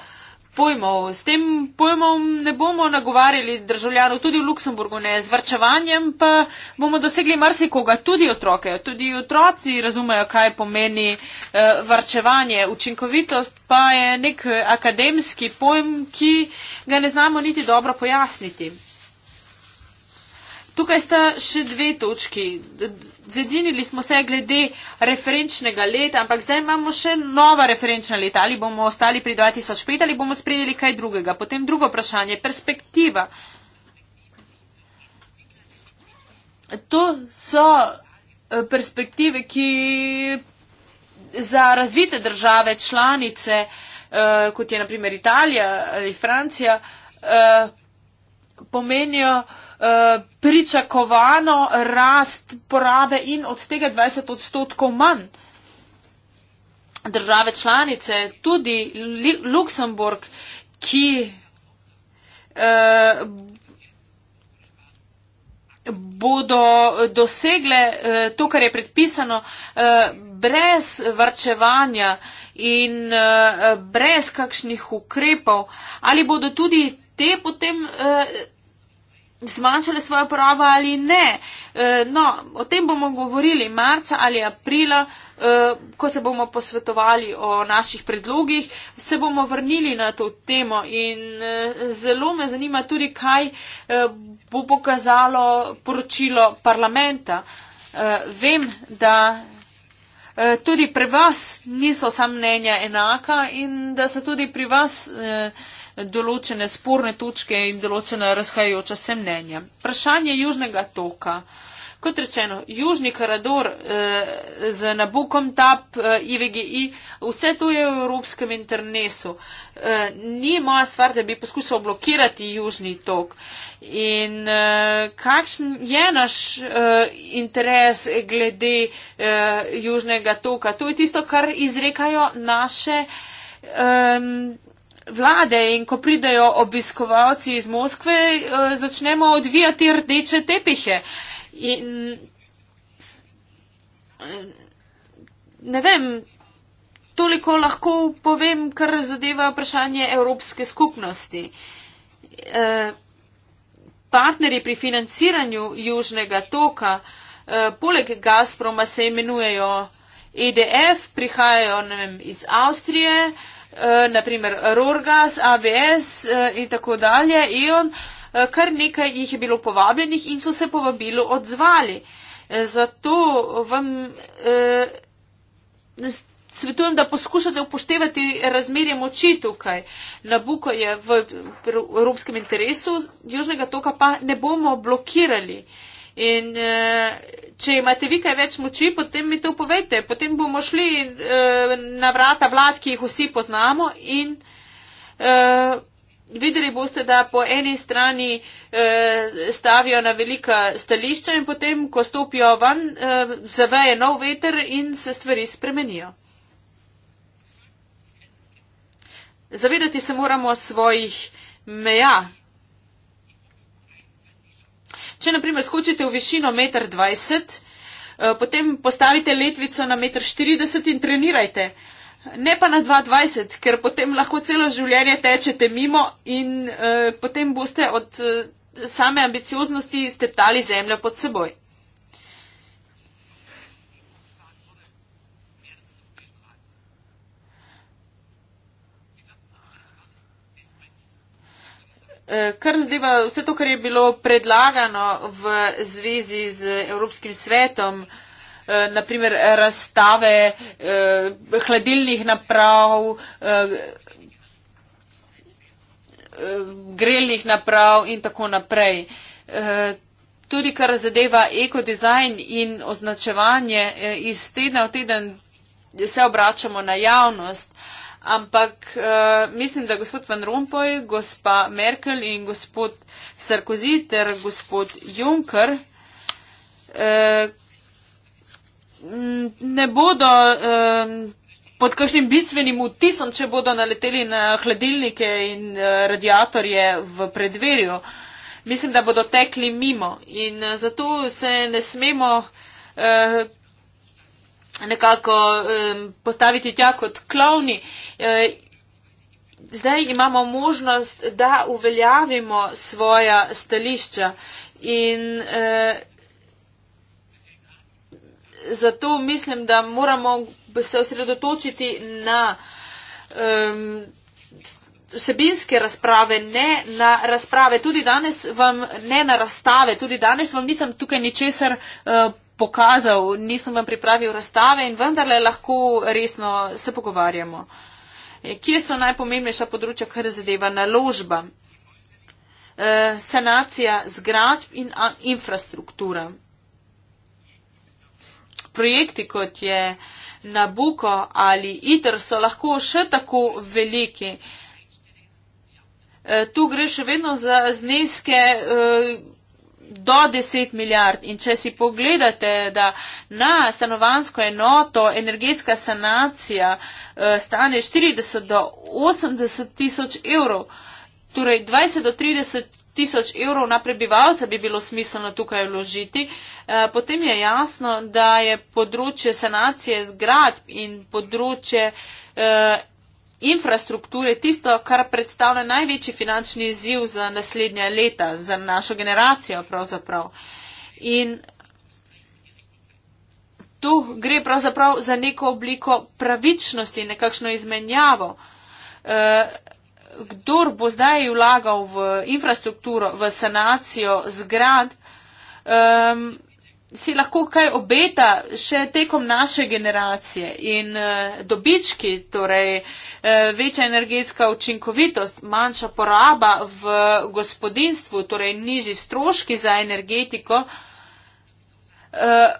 pojmov. S tem pojmom ne bomo nagovarjali državljanov tudi v Luksemburgu, ne z vrčevanjem, pa bomo dosegli marsikoga, tudi otroke. Tudi otroci razumejo, kaj pomeni eh, vrčevanje. Učinkovitost pa je nek eh, akademski pojem, ki ga ne znamo niti dobro pojasniti. Tukaj sta še dve točki. Zedinili smo se glede referenčnega leta, ampak zdaj imamo še nova referenčna leta. Ali bomo ostali pri 2005 ali bomo sprejeli kaj drugega. Potem drugo vprašanje, perspektiva. To so e, perspektive, ki za razvite države, članice, e, kot je naprimer Italija ali Francija, e, pomenijo, Eh, pričakovano rast porabe in od tega 20 odstotkov manj. Države članice, tudi Luksemburg, ki eh, bodo dosegle eh, to, kar je predpisano, brez varčevanja in brez kakšnih ukrepov, ali bodo tudi te potem zmanjšale svojo porabo ali ne. E, no, o tem bomo govorili marca ali aprila, e, ko se bomo posvetovali o naših predlogih, se bomo vrnili na to temo in e, zelo me zanima tudi, kaj bo pokazalo poročilo parlamenta. Vem, da tudi pri vas niso sam mnenja enaka in da so tudi pri vas določene sporne točke in določena razhajajoča se mnenja. Vprašanje južnega toka. Kot rečeno, južni korador eh, z nabukom TAP, eh, IVGI, vse to je v evropskem internesu. Eh, ni moja stvar, da bi poskušal blokirati južni tok. In eh, kakšen je naš eh, interes glede eh, južnega toka? To je tisto, kar izrekajo naše. Eh, vlade in ko pridejo obiskovalci iz Moskve, eh, začnemo odvijati rdeče tepihe. In eh, ne vem, toliko lahko povem, kar zadeva vprašanje Evropske skupnosti. Eh, Partneri pri financiranju Južnega toka, poleg Gazproma se imenujejo EDF, prihajajo vem, iz Avstrije, Eh, naprimer Rorgas, ABS eh, in tako dalje. Ion, e eh, kar nekaj jih je bilo povabljenih in so se povabilo odzvali. Zato vam eh, svetujem, da poskušate upoštevati razmerje moči tukaj. Nabuko je v evropskem interesu, južnega toka pa ne bomo blokirali. Eh, In uh, če imate vi kaj več moči, potem mi to povejte. Potem bomo šli uh, na vrata vlad, ki jih vsi poznamo in uh, videli boste, da po eni strani uh, stavijo na velika stališča in potem, ko stopijo ven, uh, zaveje nov veter in se stvari spremenijo. Zavedati se moramo svojih meja. Če naprimer skočite v višino 1,20 m, eh, potem postavite letvico na 1,40 m in trenirajte. Ne pa na 22, ker potem lahko celo življenje tečete mimo in eh, potem boste od eh, same ambicioznosti steptali zemljo pod seboj. Eh, kar zdaj, vse to, kar je bilo predlagano v zvezi z Evropskim svetom, eh, naprimer razstave eh, hladilnih naprav, grelnih naprav in tako naprej. Tudi kar zadeva ekodizajn in označevanje, iz tedna v teden se obračamo na javnost. Uh, ampak uh, mislim, da gospod Van Rompuy, gospa Merkel in gospod Sarkozy ter gospod Juncker uh, ne bodo uh, pod kakšnim bistvenim vtisom, če bodo naleteli na hladilnike in uh, radiatorje v predverju. Mislim, da bodo tekli mimo in uh, zato se ne smemo. Uh, nekako um, postaviti tja kot klovni. E, zdaj imamo možnost, da uveljavimo svoja stališča in uh, zato mislim, da moramo se osredotočiti na um, vsebinske razprave, ne na razprave. Tudi danes vam ne na razstave, tudi danes vam nisem tukaj ničesar uh, pokazal, nisem vam pripravil razstave in vendarle lahko resno se pogovarjamo. Eh, kje so najpomembnejša področja, kar zadeva naložba? Eh, sanacija zgradb in infrastruktura. Projekti, kot je Nabuko ali ITER, so lahko še tako veliki. Eh, tu gre še vedno za zneske do 10 milijard. In če si pogledate, da na stanovansko enoto energetska sanacija uh, stane 40 do 80 tisoč evrov, torej 20 do 30 tisoč evrov na prebivalca bi bilo smiselno tukaj vložiti, eh, potem je jasno, da je področje sanacije zgradb in področje eh, infrastrukture tisto, kar predstavlja največji finančni izziv za naslednja leta, za našo generacijo pravzaprav. In tu gre pravzaprav za neko obliko pravičnosti, nekakšno izmenjavo. Eh, kdor bo zdaj vlagal v infrastrukturo, v sanacijo zgrad, si lahko kaj obeta še tekom naše generacije in uh, dobički, torej uh, večja energetska učinkovitost, manjša poraba v gospodinstvu, torej nižji stroški za energetiko, uh,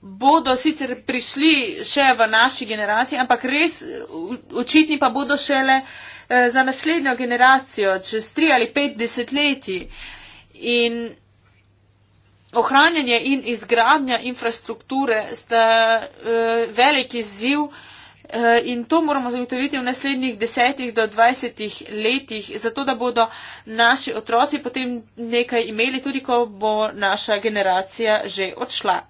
bodo sicer prišli še v naši generaciji, ampak res očitni pa bodo šele za naslednjo generacijo, čez tri ali pet desetletji. In ohranjanje in izgradnja infrastrukture sta uh, eh, veliki ziv uh, eh, in to moramo zagotoviti v naslednjih desetih do dvajsetih letih, zato da bodo naši otroci potem nekaj imeli, tudi ko bo naša generacija že odšla.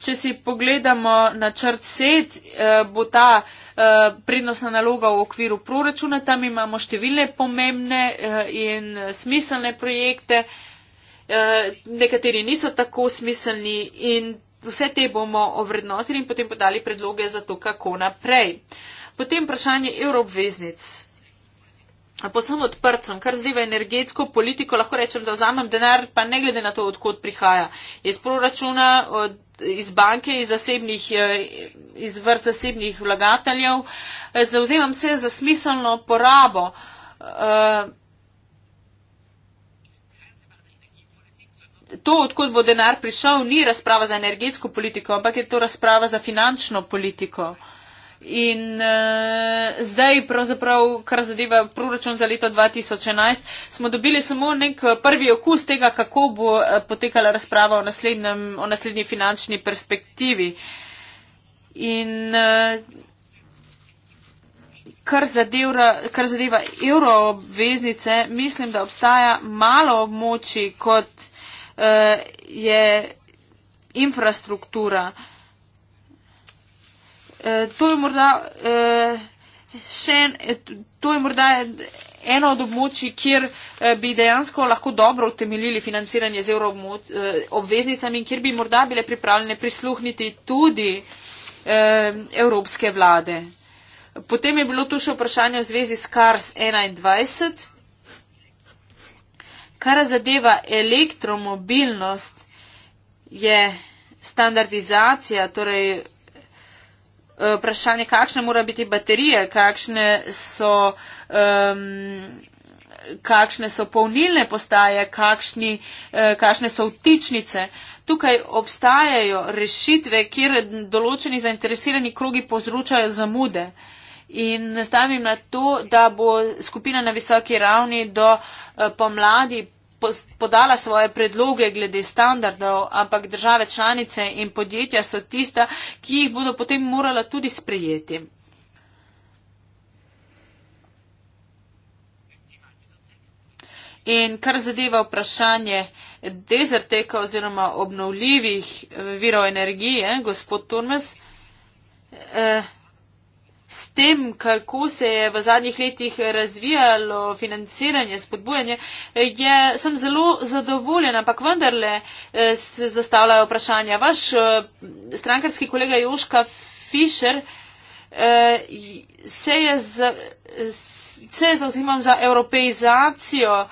Če si pogledamo na črt set, uh, eh, bo ta uh, Eh, prednostna naloga v okviru proračuna. Tam imamo številne pomembne eh, in smiselne projekte, eh, nekateri niso tako smiselni in vse te bomo ovrednotili in potem podali predloge za to, kako naprej. Potem vprašanje evrobveznic. Posem odprt sem, kar zdaj v energetsko politiko lahko rečem, da vzamem denar, pa ne glede na to, odkot prihaja. Iz proračuna, od, iz banke, iz, zasebnih, eh, iz vrst zasebnih vlagateljev. Eh, Zauzemam se za smiselno porabo. Eh, to, odkot bo denar prišel, ni razprava za energetsko politiko, ampak je to razprava za finančno politiko. In uh, zdaj, pravzaprav, kar zadeva proračun za leto 2011, smo dobili samo nek eh, prvi okus tega, kako bo eh, potekala razprava o, o naslednji finančni perspektivi. In uh, kar, zadeva, kar zadeva euroobveznice, mislim, da obstaja malo območij, kot uh, je infrastruktura. Uh, Eh, to je morda, eh, en, eh, to je morda eno od območij, kjer eh, bi dejansko lahko dobro utemeljili financiranje z evro eh, obveznicami in kjer bi morda bile pripravljene prisluhniti tudi eh, evropske vlade. Potem je bilo tu še vprašanje v zvezi s CARS 21. Kar zadeva elektromobilnost, je standardizacija, torej Eh, vprašanje, kakšne mora biti baterije, kakšne so, um, kakšne so polnilne postaje, kakšni, uh, kakšne so vtičnice. Tukaj obstajajo rešitve, kjer določeni zainteresirani krogi povzročajo zamude. In stavim na to, da bo skupina na visoki ravni do eh, pomladi podala svoje predloge glede standardov, ampak države članice in podjetja so tista, ki jih bodo potem morala tudi sprejeti. In kar zadeva vprašanje dezerteka oziroma obnovljivih virov energije, eh, gospod Turmes, eh, s tem, kako se je v zadnjih letih razvijalo financiranje, spodbujanje, je, sem zelo zadovoljen, ampak vendarle eh, se zastavljajo vprašanja. Vaš eh, strankarski kolega Joška Fischer eh, se je, za, se je zauzimal za europeizacijo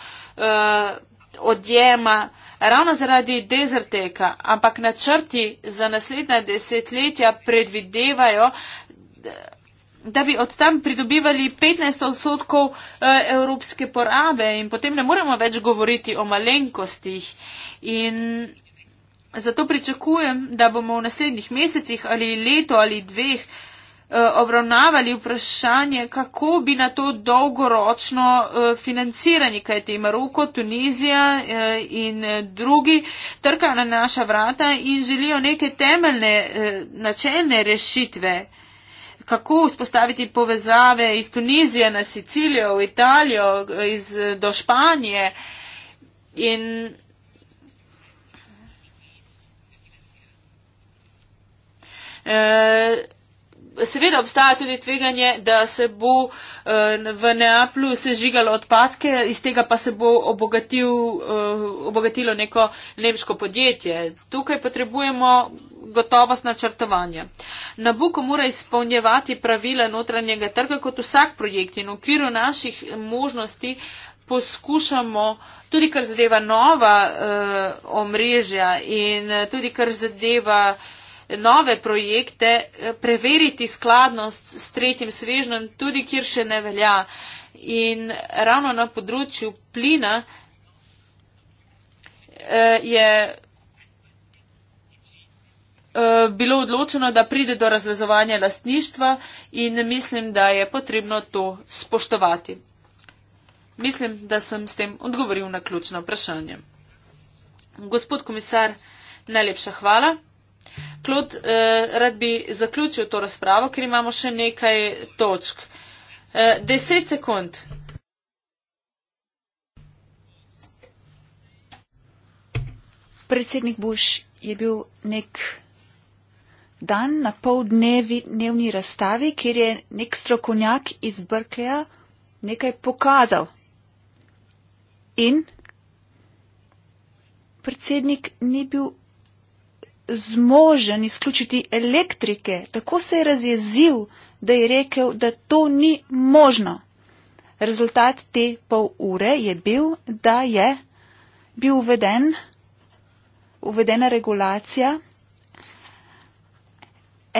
odjema ravno zaradi dezerteka, ampak načrti za naslednja desetletja predvidevajo, da bi od tam pridobivali 15 odstotkov eh, evropske porabe in potem ne moremo več govoriti o malenkostih. In zato pričakujem, da bomo v naslednjih mesecih ali leto ali dveh eh, obravnavali vprašanje, kako bi na to dolgoročno eh, financiranje, kaj ti Maroko, Tunizija in drugi trkajo na naša vrata in želijo neke temeljne načelne rešitve kako vzpostaviti povezave iz Tunizije na Sicilijo, v Italijo, iz, do Španije. In eh, Seveda obstaja tudi tveganje, da se bo eh, v Neaplu sežigalo odpadke, iz tega pa se bo obogatil, eh, obogatilo neko nemško podjetje. Tukaj potrebujemo gotovost načrtovanja. Nabuko mora izpolnjevati pravila notranjega trga kot vsak projekt in v okviru naših možnosti poskušamo tudi kar zadeva nova uh, omrežja in eh, tudi kar zadeva nove projekte, eh, preveriti skladnost s tretjim svežnjem, tudi kjer še ne velja. In ravno na področju plina je Eh, bilo odločeno, da pride do razvezovanja lastništva in mislim, da je potrebno to spoštovati. Mislim, da sem s tem odgovoril na ključno vprašanje. Gospod komisar, najlepša hvala. Klod, eh, rad bi zaključil to razpravo, ker imamo še nekaj točk. Eh, deset sekund. Predsednik Bush je bil nek dan na pol dnevi, dnevni razstavi, kjer je nek strokovnjak iz Brkeja nekaj pokazal. In predsednik ni bil zmožen izključiti elektrike, tako se je razjezil, da je rekel, da to ni možno. Rezultat te pol ure je bil, da je bil uveden, uvedena regulacija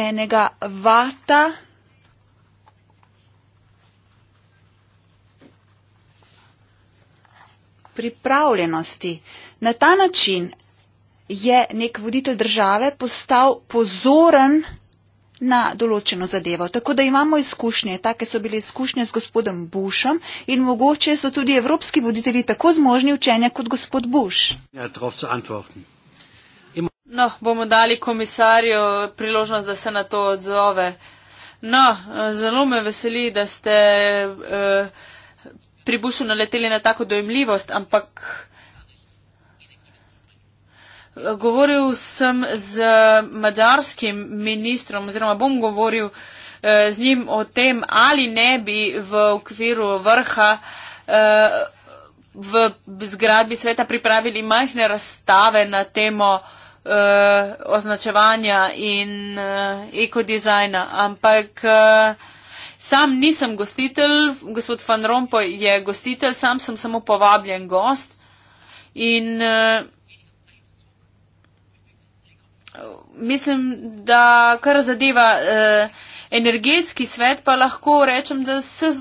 enega vata. Pripravljenosti. Na ta način je nek voditelj države postal pozoren na določeno zadevo. Tako da imamo izkušnje, take so bile izkušnje z gospodom Bushom in mogoče so tudi evropski voditelji tako zmožni učenja kot gospod Bush. Ja, No, bomo dali komisarju priložnost, da se na to odzove. No, zelo me veseli, da ste eh, pri Bušu naleteli na tako dojemljivost, ampak. Eh, govoril sem z mađarskim ministrom oziroma bom govoril eh, z njim o tem, ali ne bi v okviru vrha eh, v zgradbi sveta pripravili majhne razstave na temo uh, označevanja in uh, ekodizajna. Ampak uh, sam nisem gostitelj, gospod Van Rompuy je gostitelj, sam sem samo povabljen gost. In uh, mislim, da kar zadeva uh, energetski svet, pa lahko rečem, da se,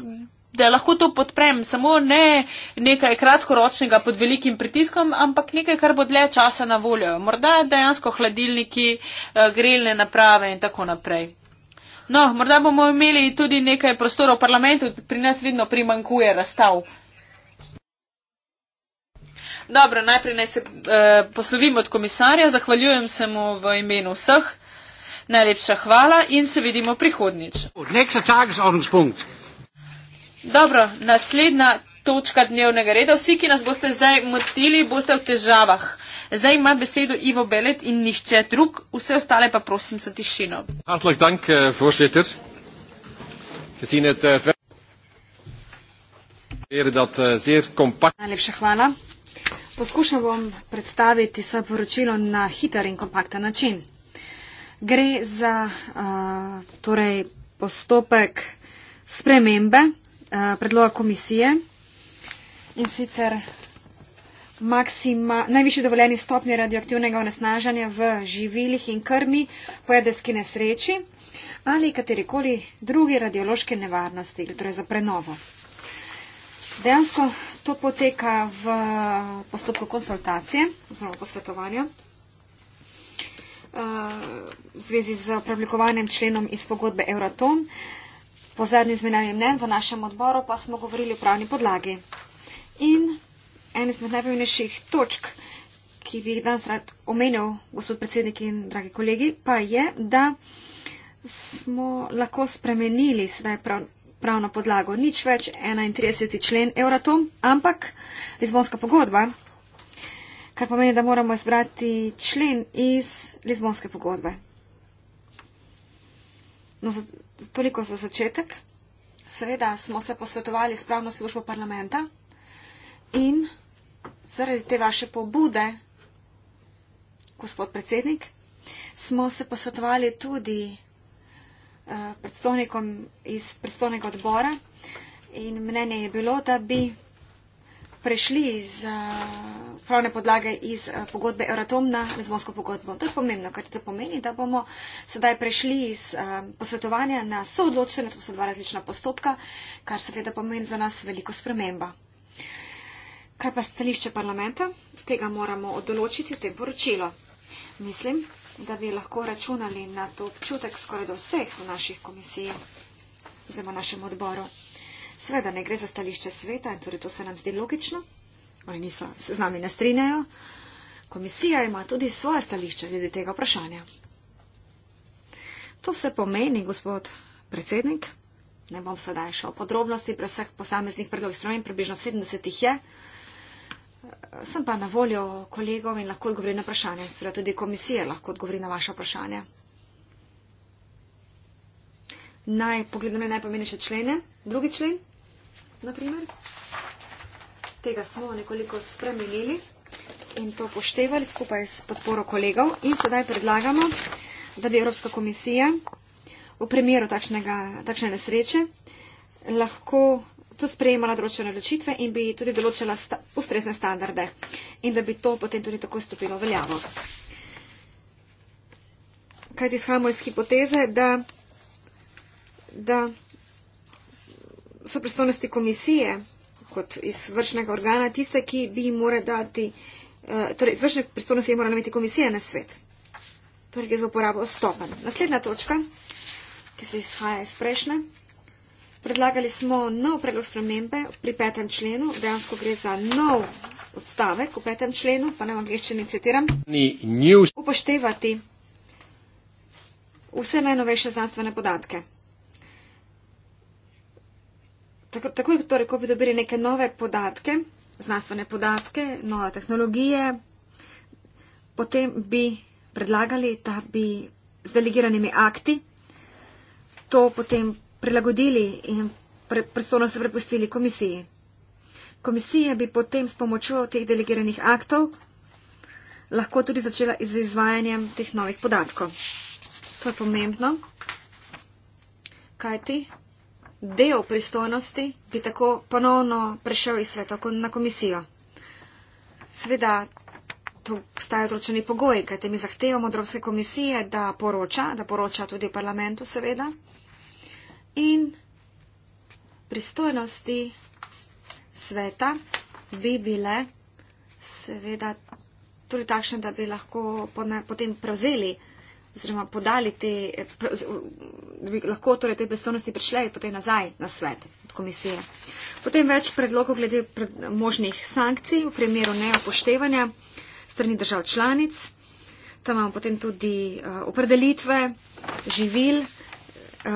da lahko to podprem, samo ne nekaj kratkoročnega pod velikim pritiskom, ampak nekaj, kar bo dlje časa na voljo. Morda dejansko hladilniki, eh, grelne naprave in tako naprej. No, morda bomo imeli tudi nekaj prostora v parlamentu, pri nas vedno primankuje razstav. Dobro, najprej naj se eh, poslovim od komisarja, zahvaljujem se mu v imenu vseh. Najlepša hvala in se vidimo prihodnič. Next Dobro, naslednja točka dnevnega reda. Vsi, ki nas boste zdaj motili, boste v težavah. Zdaj ima besedo Ivo Belet in nihče drug, vse ostale pa prosim za tišino. Hartlik dank, eh, voorzitter. Gezien het eh, verder dat eh, zeer compact. Najlepša hvala. Poskušam vam predstaviti svoje poročilo na hiter in kompakten način. Gre za uh, torej postopek spremembe Eh, predloga komisije in sicer najvišji dovoljeni stopnje radioaktivnega onesnažanja v živilih in krmi po jedeski nesreči ali katerikoli druge radiološke nevarnosti, torej za prenovo. Dejansko to poteka v postopku konsultacije oziroma posvetovanja eh, v zvezi z preoblikovanjem členom iz pogodbe Euratom, po zadnji izmenjavi mnenj v našem odboru pa smo govorili o pravni podlagi. In en izmed najpomembnejših točk, ki bi jih danes rad omenil, gospod predsednik in dragi kolegi, pa je, da smo lahko spremenili sedaj prav, pravno podlago. Nič več 31. člen Euratom, ampak Lizbonska pogodba, kar pomeni, da moramo izbrati člen iz Lizbonske pogodbe. No, toliko za začetek. Seveda smo se posvetovali s pravno službo parlamenta in zaradi te vaše pobude, gospod predsednik, smo se posvetovali tudi eh, predstavnikom iz predstavnega odbora in mnenje je bilo, da bi prešli iz eh, pravne podlage iz eh, pogodbe Euratom na Lizbonsko pogodbo. To je pomembno, ker to pomeni, da bomo sedaj prešli iz eh, posvetovanja na soodločenje, to so dva različna postopka, kar seveda pomeni za nas veliko sprememba. Kaj pa stališče parlamenta? Tega moramo odločiti v tem poročilo. Mislim, da bi lahko računali na to občutek skoraj do vseh v naših komisiji, oziroma našem odboru. Sveda ne gre za stališče sveta in torej to se nam zdi logično. Oni niso, se z nami ne strinjajo. Komisija ima tudi svoje stališče glede tega vprašanja. To vse pomeni, gospod predsednik, ne bom sedaj šel podrobnosti pri vseh posameznih predlogih strojen, približno 70 jih je. Sem pa na voljo kolegov in lahko odgovori na vprašanje. Sveda tudi komisije lahko odgovori na vaše vprašanje. Naj pogledam na najpomenejše člene. Drugi člen naprimer. Tega smo nekoliko spremenili in to poštevali skupaj s podporo kolegov in sedaj predlagamo, da bi Evropska komisija v primeru takšnega, takšne nesreče lahko to sprejemala določene odločitve in bi tudi določila sta, ustrezne standarde in da bi to potem tudi tako stopilo veljavo. Kaj ti shamo iz hipoteze, da, da so pristojnosti komisije kot izvršnega organa tiste, ki bi morali dati, eh, torej izvršne pristojnosti bi morali imeti komisije na svet. Torej je za uporabo stopen. Naslednja točka, ki se izhaja iz prejšnje. Predlagali smo nov predlog spremembe pri petem členu. Dejansko gre za nov odstavek v petem členu, pa ne v angliščini citiram. Upoštevati vse najnovejše znanstvene podatke. Tako je, torej, ko bi dobili neke nove podatke, znanstvene podatke, nove tehnologije, potem bi predlagali, da bi z delegiranimi akti to potem prilagodili in predstavno se prepustili komisiji. Komisija bi potem s pomočjo teh delegiranih aktov lahko tudi začela z izvajanjem teh novih podatkov. To je pomembno. Kaj ti? del pristojnosti bi tako ponovno prešel iz sveta na komisijo. Sveda, tu obstajajo določeni pogoji, kajte mi zahtevamo od Evropske komisije, da poroča, da poroča tudi v parlamentu, seveda. In pristojnosti sveta bi bile, seveda, tudi takšne, da bi lahko potem prevzeli oziroma podali te, da bi lahko torej te pristojnosti prišle in potem nazaj na svet od komisije. Potem več predlogov glede pred, možnih sankcij v primeru neopoštevanja strani držav članic. Tam imamo potem tudi uh, opredelitve živil, uh,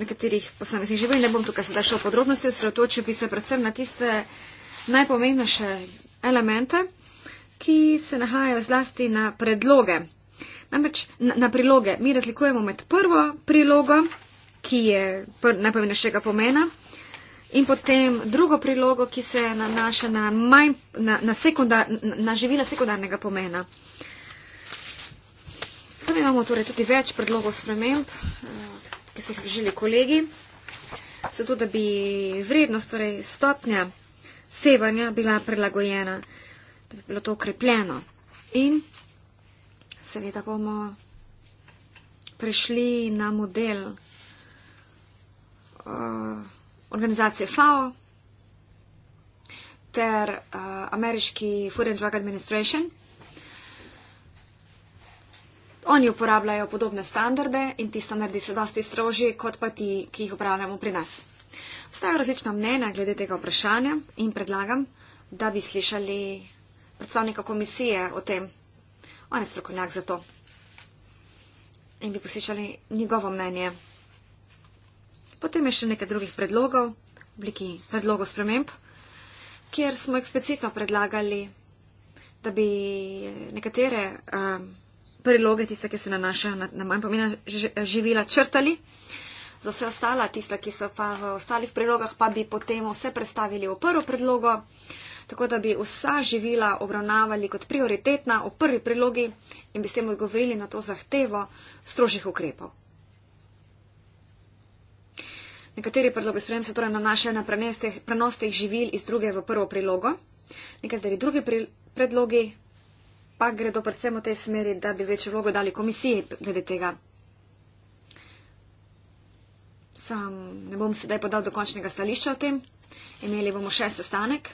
nekaterih posameznih živil. Ne bom tukaj sedaj šel v podrobnosti, osredotočil bi se predvsem na tiste najpomembnejše elemente, ki se nahajajo zlasti na predloge Namreč na, na priloge mi razlikujemo med prvo prilogo, ki je pr, najpomembnejšega pomena, in potem drugo prilogo, ki se nanaša na, manj, na, na, sekundar, na, na živila sekundarnega pomena. Sami imamo torej tudi več predlogov sprememb, eh, ki so jih želi kolegi, zato da bi vrednost, torej stopnja sevanja bila prilagojena, da bi bilo to okrepljeno. In seveda bomo prišli na model uh, organizacije FAO ter uh, ameriški Food and Drug Administration. Oni uporabljajo podobne standarde in ti standardi so dosti strožji, kot pa ti, ki jih uporabljamo pri nas. Obstajajo različna mnenja glede tega vprašanja in predlagam, da bi slišali predstavnika komisije o tem on je strokovnjak za to. In bi poslušali njegovo mnenje. Potem je še nekaj drugih predlogov, v obliki predlogov sprememb, kjer smo eksplicitno predlagali, da bi nekatere um, priloge, tiste, ki se nanašajo na, na manj pomena živila, črtali. Za vse ostala, tista, ki so pa v ostalih prilogah, pa bi potem vse predstavili v prvo predlogo. Uh, tako da bi vsa živila obravnavali kot prioritetna v prvi prilogi in bi s tem odgovorili na to zahtevo strožjih ukrepov. Nekateri predlogi sprejem se torej nanašajo na prenos teh živil iz druge v prvo prilogo, nekateri drugi predlogi pa gredo predvsem v tej smeri, da bi večjo vlogo dali komisiji glede tega. Sam ne bom sedaj podal dokončnega stališča o tem. Imeli bomo še sestanek.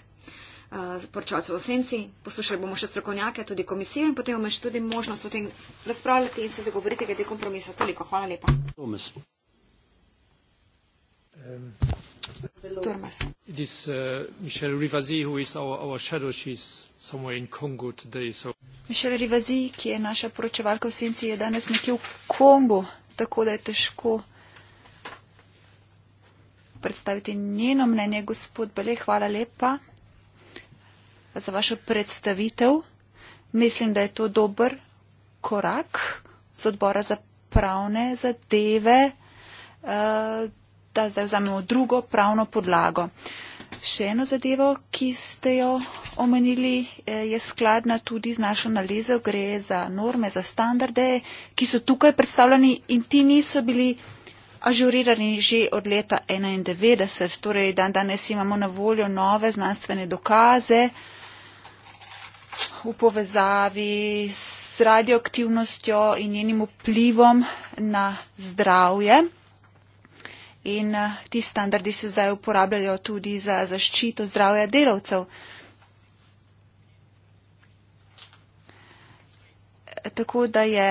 Eh, poročalce v senci, poslušali bomo še strokovnjake, tudi komisijo in potem imaš tudi možnost o tem razpravljati in se dogovoriti glede kompromisa. Toliko, hvala lepa. Tomas. Um. It is uh, Michelle Rivazi who is our, our shadow. She's somewhere in Congo today. So. Michelle Rivazi, ki je naša poročevalka v Senci, je danes nekje v Kongu, tako da je težko predstaviti njeno mnenje. Gospod Bele, hvala lepa za vašo predstavitev. Mislim, da je to dober korak z odbora za pravne zadeve, eh, da zdaj vzamemo drugo pravno podlago. Še eno zadevo, ki ste jo omenili, eh, je skladna tudi z našo analizo, gre za norme, za standarde, ki so tukaj predstavljeni in ti niso bili ažurirani že od leta 1991, torej dan danes imamo na voljo nove znanstvene dokaze, v povezavi s radioaktivnostjo in njenim vplivom na zdravje. In eh, ti standardi se zdaj uporabljajo tudi za zaščito zdravja delavcev. Tako da je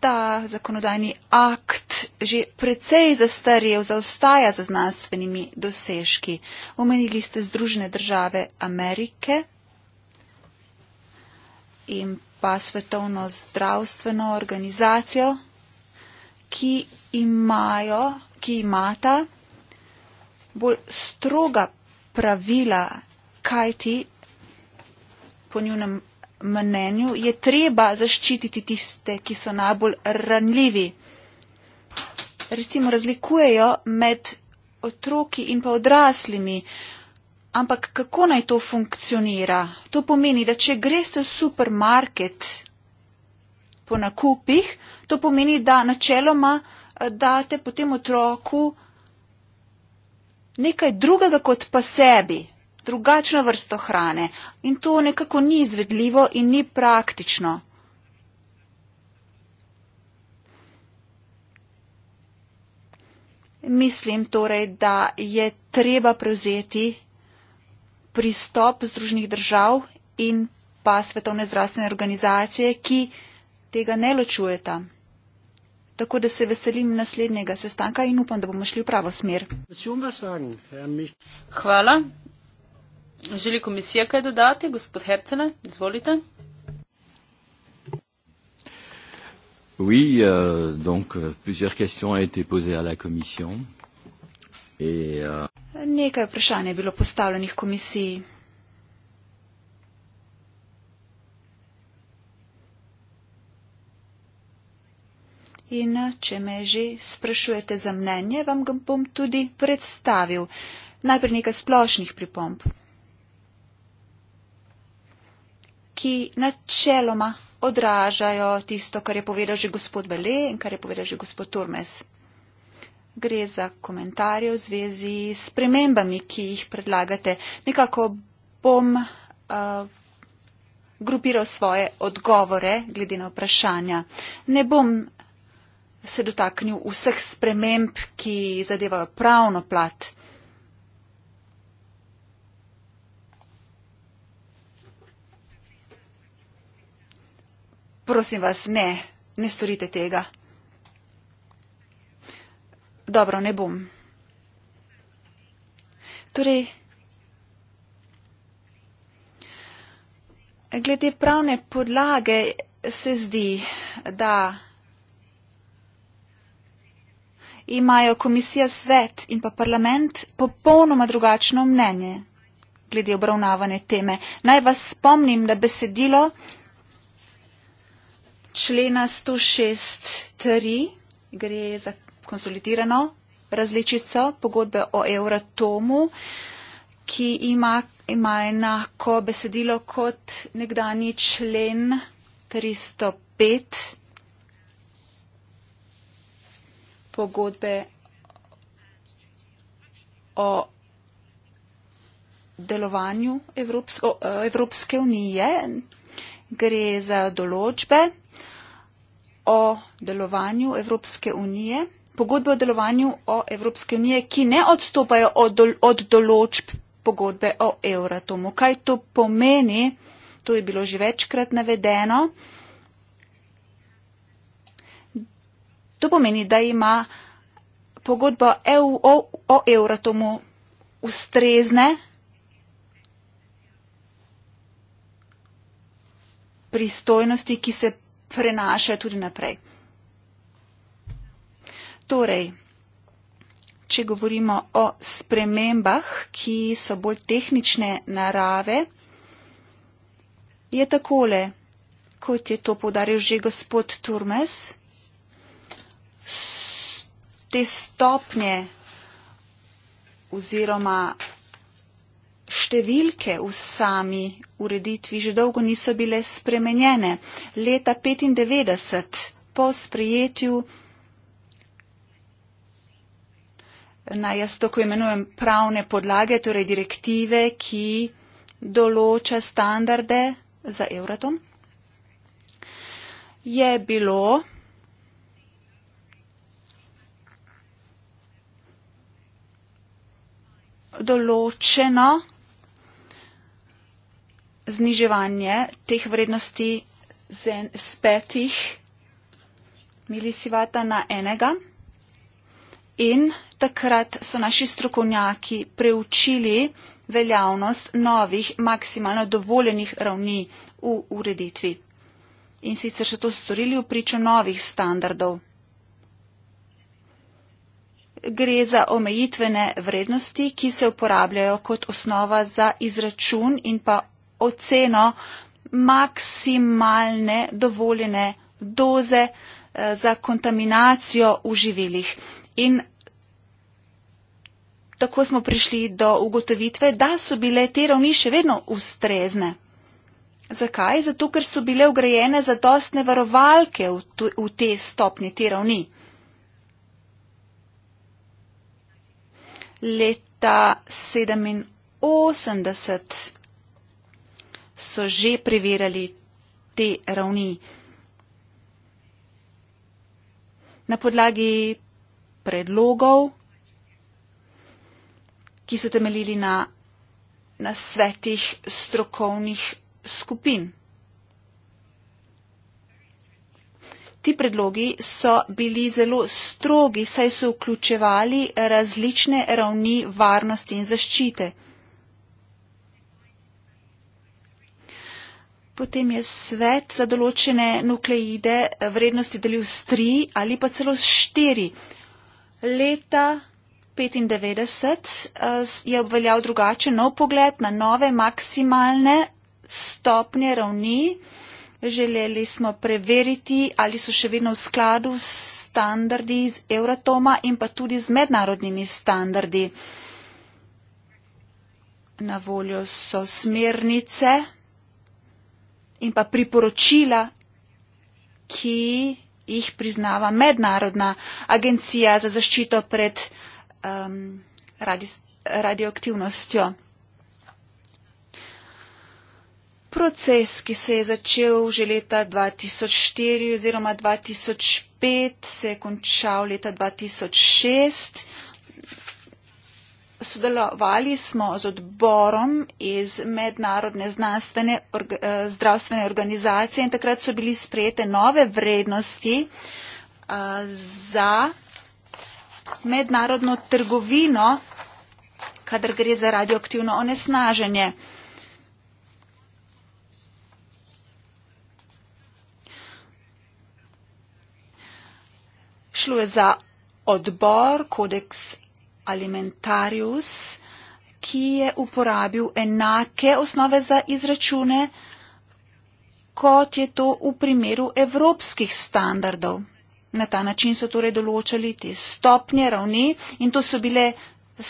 ta zakonodajni akt že precej zastarjev, zaostaja za znanstvenimi dosežki. Omenili ste Združene države Amerike, in pa Svetovno zdravstveno organizacijo, ki imajo, ki imata bolj stroga pravila, kaj ti po njunem mnenju je treba zaščititi tiste, ki so najbolj ranljivi. Recimo razlikujejo med otroki in pa odraslimi. Ampak kako naj to funkcionira? To pomeni, da če greste v supermarket po nakupih, to pomeni, da načeloma eh, date potem otroku nekaj drugega kot pa sebi, drugačno vrsto hrane. In to nekako ni izvedljivo in ni praktično. Mislim torej, da je treba prevzeti pristop Združenih držav in pa Svetovne zdravstvene organizacije, ki tega ne ločujeta. Tako da se veselim naslednjega sestanka in upam, da bomo šli v pravo smer. Hvala. Želi komisija kaj dodati? Gospod Hercene, izvolite. Oui, euh, donc plusieurs questions ont été posées à la Commission. Ja. Nekaj vprašanj je bilo postavljenih komisiji. In eh, če me že sprašujete za mnenje, vam ga bom tudi predstavil. Najprej nekaj splošnih pripomb, ki načeloma odražajo tisto, kar je povedal že gospod Bele in kar je povedal že gospod Turmes gre za komentarje v zvezi s premembami, ki jih predlagate. Nekako bom uh, grupiral svoje odgovore glede na vprašanja. Ne bom se dotaknil vseh sprememb, ki zadevajo pravno plat. Prosim vas, ne, ne storite tega. Dobro, ne bom. Torej, glede pravne podlage se zdi, da imajo komisija svet in pa parlament popolnoma drugačno mnenje glede obravnavane teme. Naj vas spomnim, da besedilo člena 106.3 gre za konsolidirano različico pogodbe o Euratomu, ki ima, ima enako besedilo kot nekdani člen 305 pogodbe o delovanju Evropske, Evropske unije. Gre za določbe o delovanju Evropske unije pogodbe o delovanju o Evropske unije, ki ne odstopajo od, dol od določb pogodbe o Euratomu. Kaj to pomeni? To je bilo že večkrat navedeno. To pomeni, da ima pogodba EU o, o Euratomu ustrezne pristojnosti, ki se prenašajo tudi naprej. Torej, če govorimo o spremembah, ki so bolj tehnične narave, je takole, kot je to podaril že gospod Turmes, te stopnje oziroma številke v sami ureditvi že dolgo niso bile spremenjene. Leta 1995 po sprejetju na jaz to, ko imenujem pravne podlage, torej direktive, ki določa standarde za Euratom, je bilo določeno zniževanje teh vrednosti z, en, z petih milisivata na enega in takrat so naši strokovnjaki preučili veljavnost novih maksimalno dovoljenih ravni v ureditvi. In sicer so to storili v pričo novih standardov. Gre za omejitvene vrednosti, ki se uporabljajo kot osnova za izračun in pa oceno maksimalne dovoljene doze eh, za kontaminacijo v živilih. In Tako smo prišli do ugotovitve, da so bile te ravni še vedno ustrezne. Zakaj? Zato, ker so bile ugrajene zadostne varovalke v, tu, v te stopni, te ravni. Leta 87 so že preverjali te ravni. Na podlagi predlogov ki so temeljili na, na svetih strokovnih skupin. Ti predlogi so bili zelo strogi, saj so vključevali različne ravni varnosti in zaščite. Potem je svet za določene nukleide vrednosti delil s tri ali pa celo s štiri. Leta 95 eh, je obveljal drugačen nov pogled na nove maksimalne stopnje ravni. Želeli smo preveriti, ali so še vedno v skladu s standardi iz Euratoma in pa tudi z mednarodnimi standardi. Na voljo so smernice in pa priporočila, ki jih priznava Mednarodna agencija za zaščito pred um, radi, radioaktivnostjo. Proces, ki se je začel že leta 2004 oziroma 2005, se je končal leta 2006. Sodelovali smo z odborom iz Mednarodne znanstvene org eh, zdravstvene organizacije in takrat so bili sprejete nove vrednosti uh, za mednarodno trgovino, kadar gre za radioaktivno onesnaženje. Šlo je za odbor Codex Alimentarius, ki je uporabil enake osnove za izračune, kot je to v primeru evropskih standardov. Na ta način so torej določali te stopnje ravni in to so bile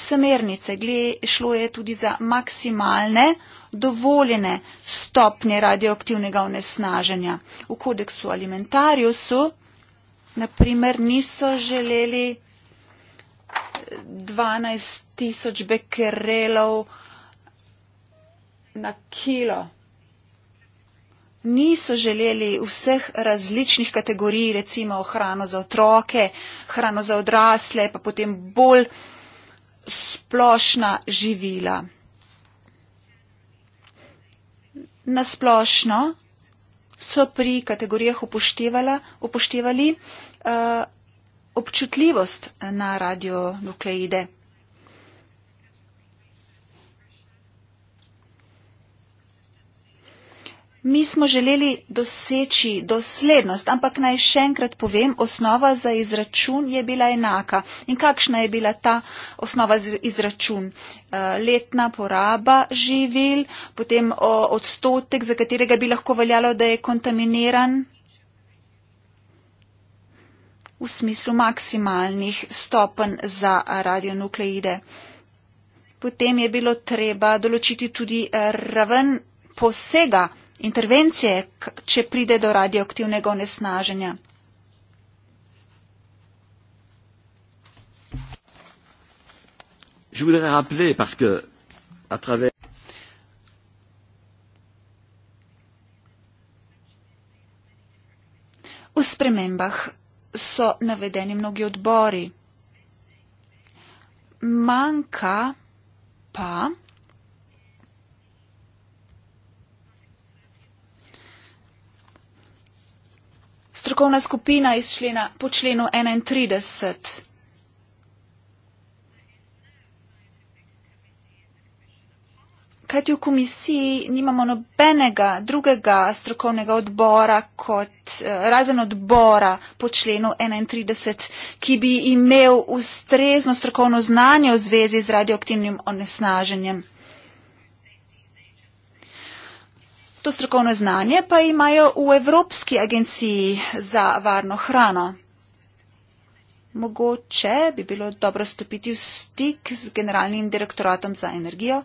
smernice. Gle, šlo je tudi za maksimalne dovoljene stopnje radioaktivnega onesnaženja. V kodeksu alimentarju so, naprimer, niso želeli 12 tisoč bekerelov na kilo niso želeli vseh različnih kategorij, recimo hrano za otroke, hrano za odrasle, pa potem bolj splošna živila. Nasplošno so pri kategorijah upoštevali uh, občutljivost na radionukleide. Mi smo želeli doseči doslednost, ampak naj še enkrat povem, osnova za izračun je bila enaka. In kakšna je bila ta osnova za izračun? Eh, letna poraba živil, potem odstotek, za katerega bi lahko veljalo, da je kontaminiran v smislu maksimalnih stopenj za radionukleide. Potem je bilo treba določiti tudi eh, raven posega intervencije, če pride do radioaktivnega onesnaženja. V spremembah so navedeni mnogi odbori. Manjka pa strokovna skupina iz člena po členu 31. Kajti v komisiji nimamo nobenega drugega strokovnega odbora kot eh, razen odbora po členu 31, ki bi imel ustrezno strokovno znanje v zvezi z radioaktivnim onesnaženjem. To strokovno znanje pa imajo v Evropski agenciji za varno hrano. Mogoče bi bilo dobro stopiti v stik z generalnim direktoratom za energijo.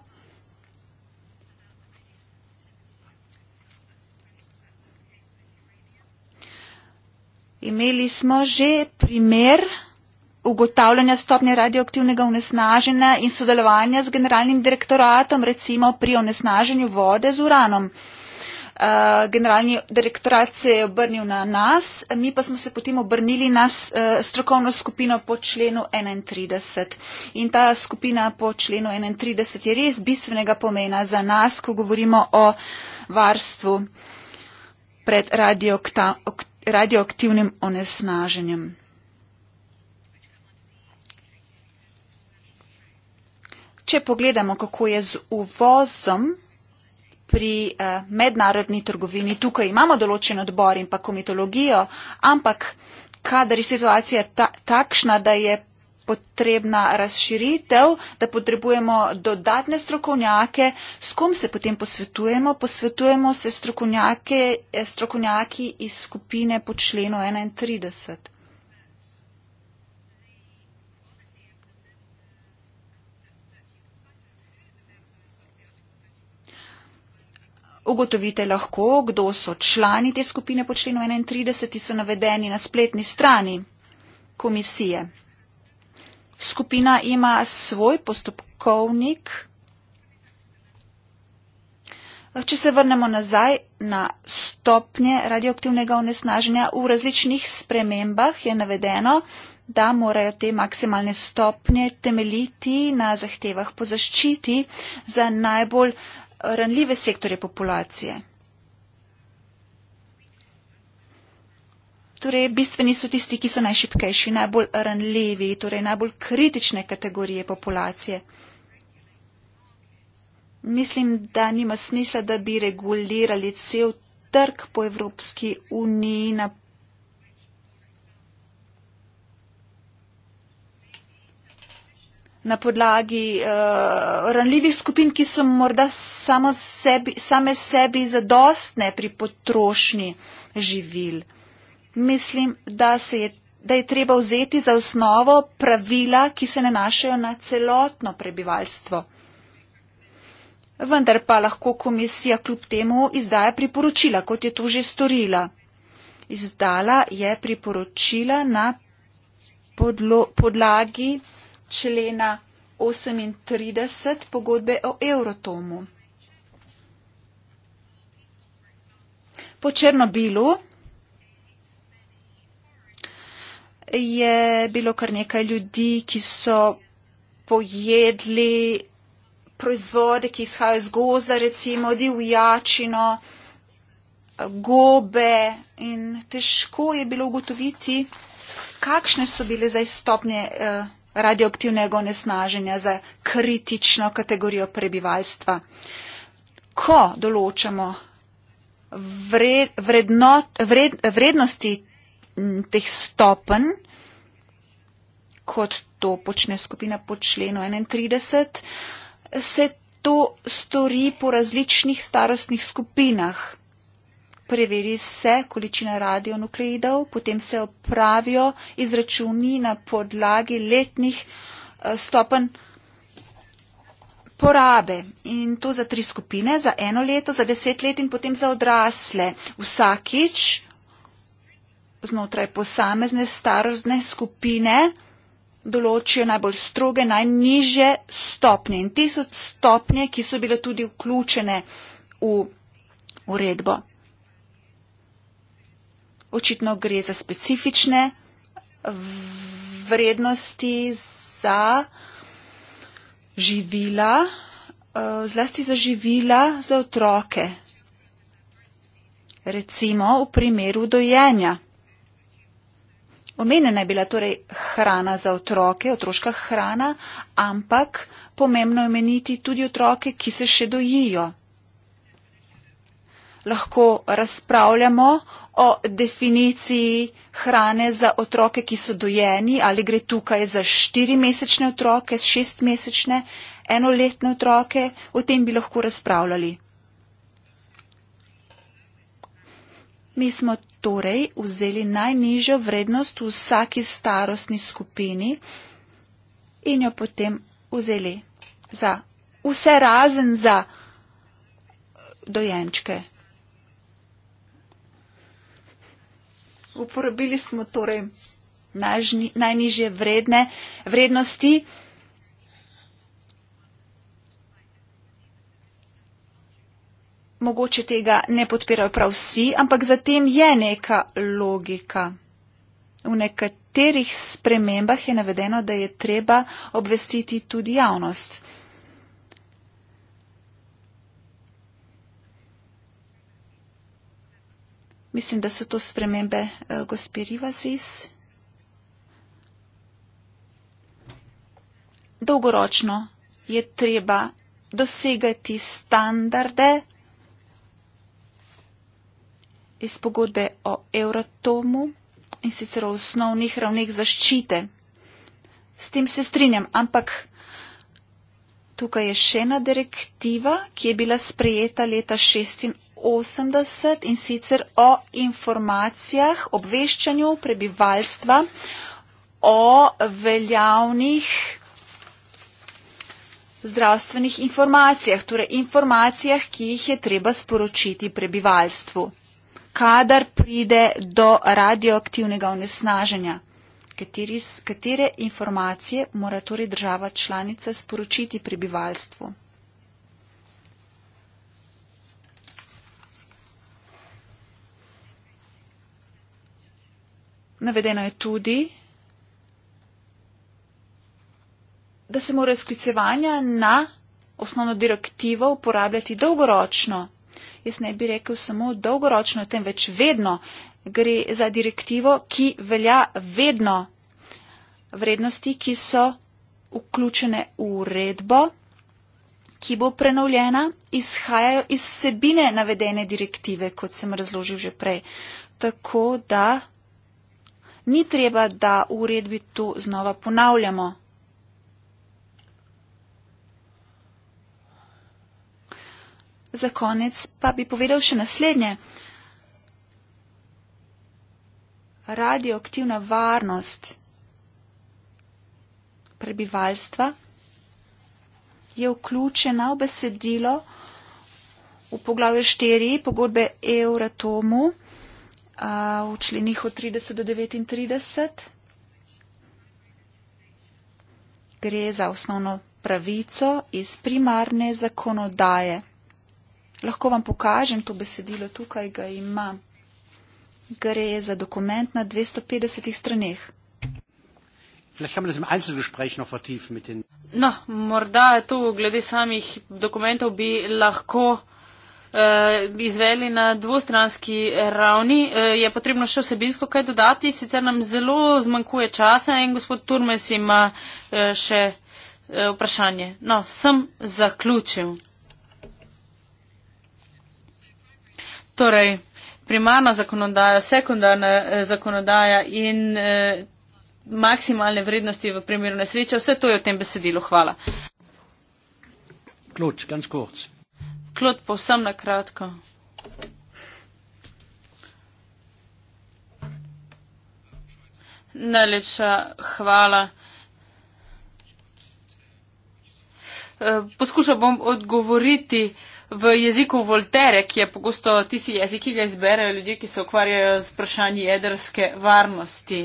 Imeli smo že primer ugotavljanja stopnje radioaktivnega onesnaženja in sodelovanja z generalnim direktoratom, recimo pri onesnaženju vode z uranom. Eh, generalni direktorat se je obrnil na nas, mi pa smo se potem obrnili na eh, strokovno skupino po členu 31. In ta skupina po členu 31 je res bistvenega pomena za nas, ko govorimo o varstvu pred radioaktivnim onesnaženjem. Če pogledamo, kako je z uvozom pri eh, mednarodni trgovini. Tukaj imamo določen odbor in pa komitologijo, ampak kadar je situacija ta, takšna, da je potrebna razširitev, da potrebujemo dodatne strokovnjake, s kom se potem posvetujemo? Posvetujemo se eh, strokovnjaki iz skupine po členu 31. Ugotovite lahko, kdo so člani te skupine po členu 31, ki so navedeni na spletni strani komisije. Skupina ima svoj postopkovnik. Če se vrnemo nazaj na stopnje radioaktivnega onesnaženja, v različnih spremembah je navedeno, da morajo te maksimalne stopnje temeljiti na zahtevah po zaščiti za najbolj uh, ranljive sektorje populacije. Torej, bistveni so tisti, ki so najšipkejši, najbolj ranljivi, torej najbolj kritične kategorije populacije. Mislim, da nima smisla, da bi regulirali cel trg po Evropski uniji na na podlagi uh, ranljivih skupin, ki so morda sebi, same sebi zadostne pri potrošnji živil. Mislim, da, se je, da je treba vzeti za osnovo pravila, ki se nanašajo na celotno prebivalstvo. Vendar pa lahko komisija kljub temu izdaja priporočila, kot je to že storila. Izdala je priporočila na podlo, podlagi člena 38 pogodbe o Eurotomu. Po Černobilu je bilo kar nekaj ljudi, ki so pojedli proizvode, ki izhajajo iz gozda, recimo divjačino, gobe in težko je bilo ugotoviti, kakšne so bile zaistopnje. Eh, radioaktivnega onesnaženja za kritično kategorijo prebivalstva. Ko določamo vred, vrednot, vred, vrednosti teh stopenj, kot to počne skupina pod členu 31, se to stori po različnih starostnih skupinah preveri se količina radionukleidov, potem se opravijo izračuni na podlagi letnih eh, stopen porabe in to za tri skupine, za eno leto, za deset let in potem za odrasle. Vsakič znotraj posamezne starozne skupine določijo najbolj stroge, najniže stopnje in ti so stopnje, ki so bile tudi vključene v uredbo očitno gre za specifične vrednosti za živila, eh, zlasti za živila za otroke. Recimo v primeru dojenja. Omenjena je bila torej hrana za otroke, otroška hrana, ampak pomembno je omeniti tudi otroke, ki se še dojijo. Lahko razpravljamo o definiciji hrane za otroke, ki so dojeni, ali gre tukaj za štirimesečne otroke, šestmesečne, enoletne otroke, o tem bi lahko razpravljali. Mi smo torej vzeli najnižjo vrednost v vsaki starostni skupini in jo potem vzeli za vse razen za dojenčke. Uporabili smo torej najžni, najnižje vredne vrednosti. Mogoče tega ne podpirajo prav vsi, ampak zatem je neka logika. V nekaterih spremembah je navedeno, da je treba obvestiti tudi javnost. Mislim, da so to spremembe uh, eh, gospiriva ziz. Dolgoročno je treba dosegati standarde iz pogodbe o Euratomu in sicer o osnovnih ravneh zaščite. S tem se strinjam, ampak tukaj je še ena direktiva, ki je bila sprejeta leta 80 in sicer o informacijah, obveščanju prebivalstva o veljavnih zdravstvenih informacijah, torej informacijah, ki jih je treba sporočiti prebivalstvu, kadar pride do radioaktivnega onesnaženja. Katere informacije mora torej država članica sporočiti prebivalstvu? Navedeno je tudi, da se mora sklicevanja na osnovno direktivo uporabljati dolgoročno. Jaz ne bi rekel samo dolgoročno, temveč vedno gre za direktivo, ki velja vedno vrednosti, ki so vključene v uredbo, ki bo prenovljena, izhajajo iz vsebine navedene direktive, kot sem razložil že prej. Tako da ni treba, da v uredbi to znova ponavljamo. Za konec pa bi povedal še naslednje. Radioaktivna varnost prebivalstva je vključena v besedilo v poglavju 4 pogodbe Euratomu v členih od 30 do 39. Gre za osnovno pravico iz primarne zakonodaje. Lahko vam pokažem to besedilo, tukaj ga imam. Gre za dokument na 250 straneh. No, morda tu glede samih dokumentov bi lahko. Eh, izveli na dvostranski ravni. Eh, je potrebno še vsebinsko kaj dodati, sicer nam zelo zmanjkuje časa in gospod Turmes ima eh, še vprašanje. No, sem zaključil. Torej, primarna zakonodaja, sekundarna zakonodaja in eh, maksimalne vrednosti v primeru nesreče, vse to je v tem besedilu. Hvala. Klut, ganz kurz. Klot, povsem na kratko. Najlepša hvala. Eh, poskušal bom odgovoriti v jeziku Voltere, ki je pogosto tisti jezik, ki ga izberejo ljudje, ki se ukvarjajo z vprašanji jedrske varnosti.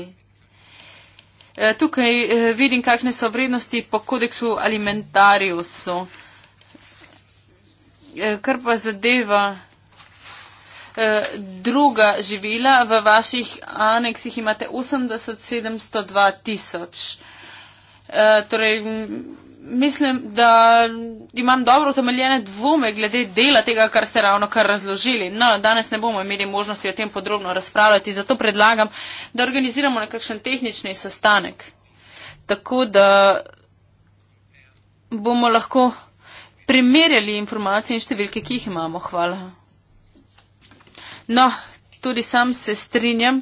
Eh, tukaj eh, vidim, kakšne so vrednosti po kodeksu alimentariusu. Eh, kar pa zadeva eh, druga živila, v vaših aneksih imate 80-702 eh, torej, tisoč. Mislim, da imam dobro utemeljene dvome glede dela tega, kar ste ravno kar razložili. No, danes ne bomo imeli možnosti o tem podrobno razpravljati, zato predlagam, da organiziramo nekakšen tehnični sestanek. Tako da bomo lahko primerjali informacije in številke, ki jih imamo. Hvala. No, tudi sam se strinjam.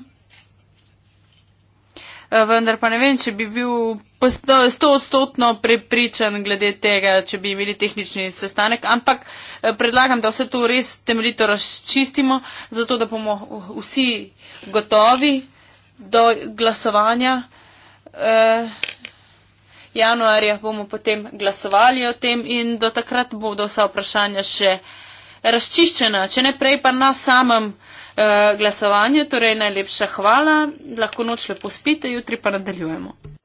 Eh, vendar pa ne vem, če bi bil stoodstotno prepričan glede tega, če bi imeli tehnični sestanek, ampak eh, predlagam, da vse to res temeljito razčistimo, zato da bomo vsi gotovi do glasovanja. Uh, januarja bomo potem glasovali o tem in do takrat bodo vsa vprašanja še razčiščena. Če ne prej pa na samem eh, glasovanju, torej najlepša hvala, lahko noč lepo spite, jutri pa nadaljujemo.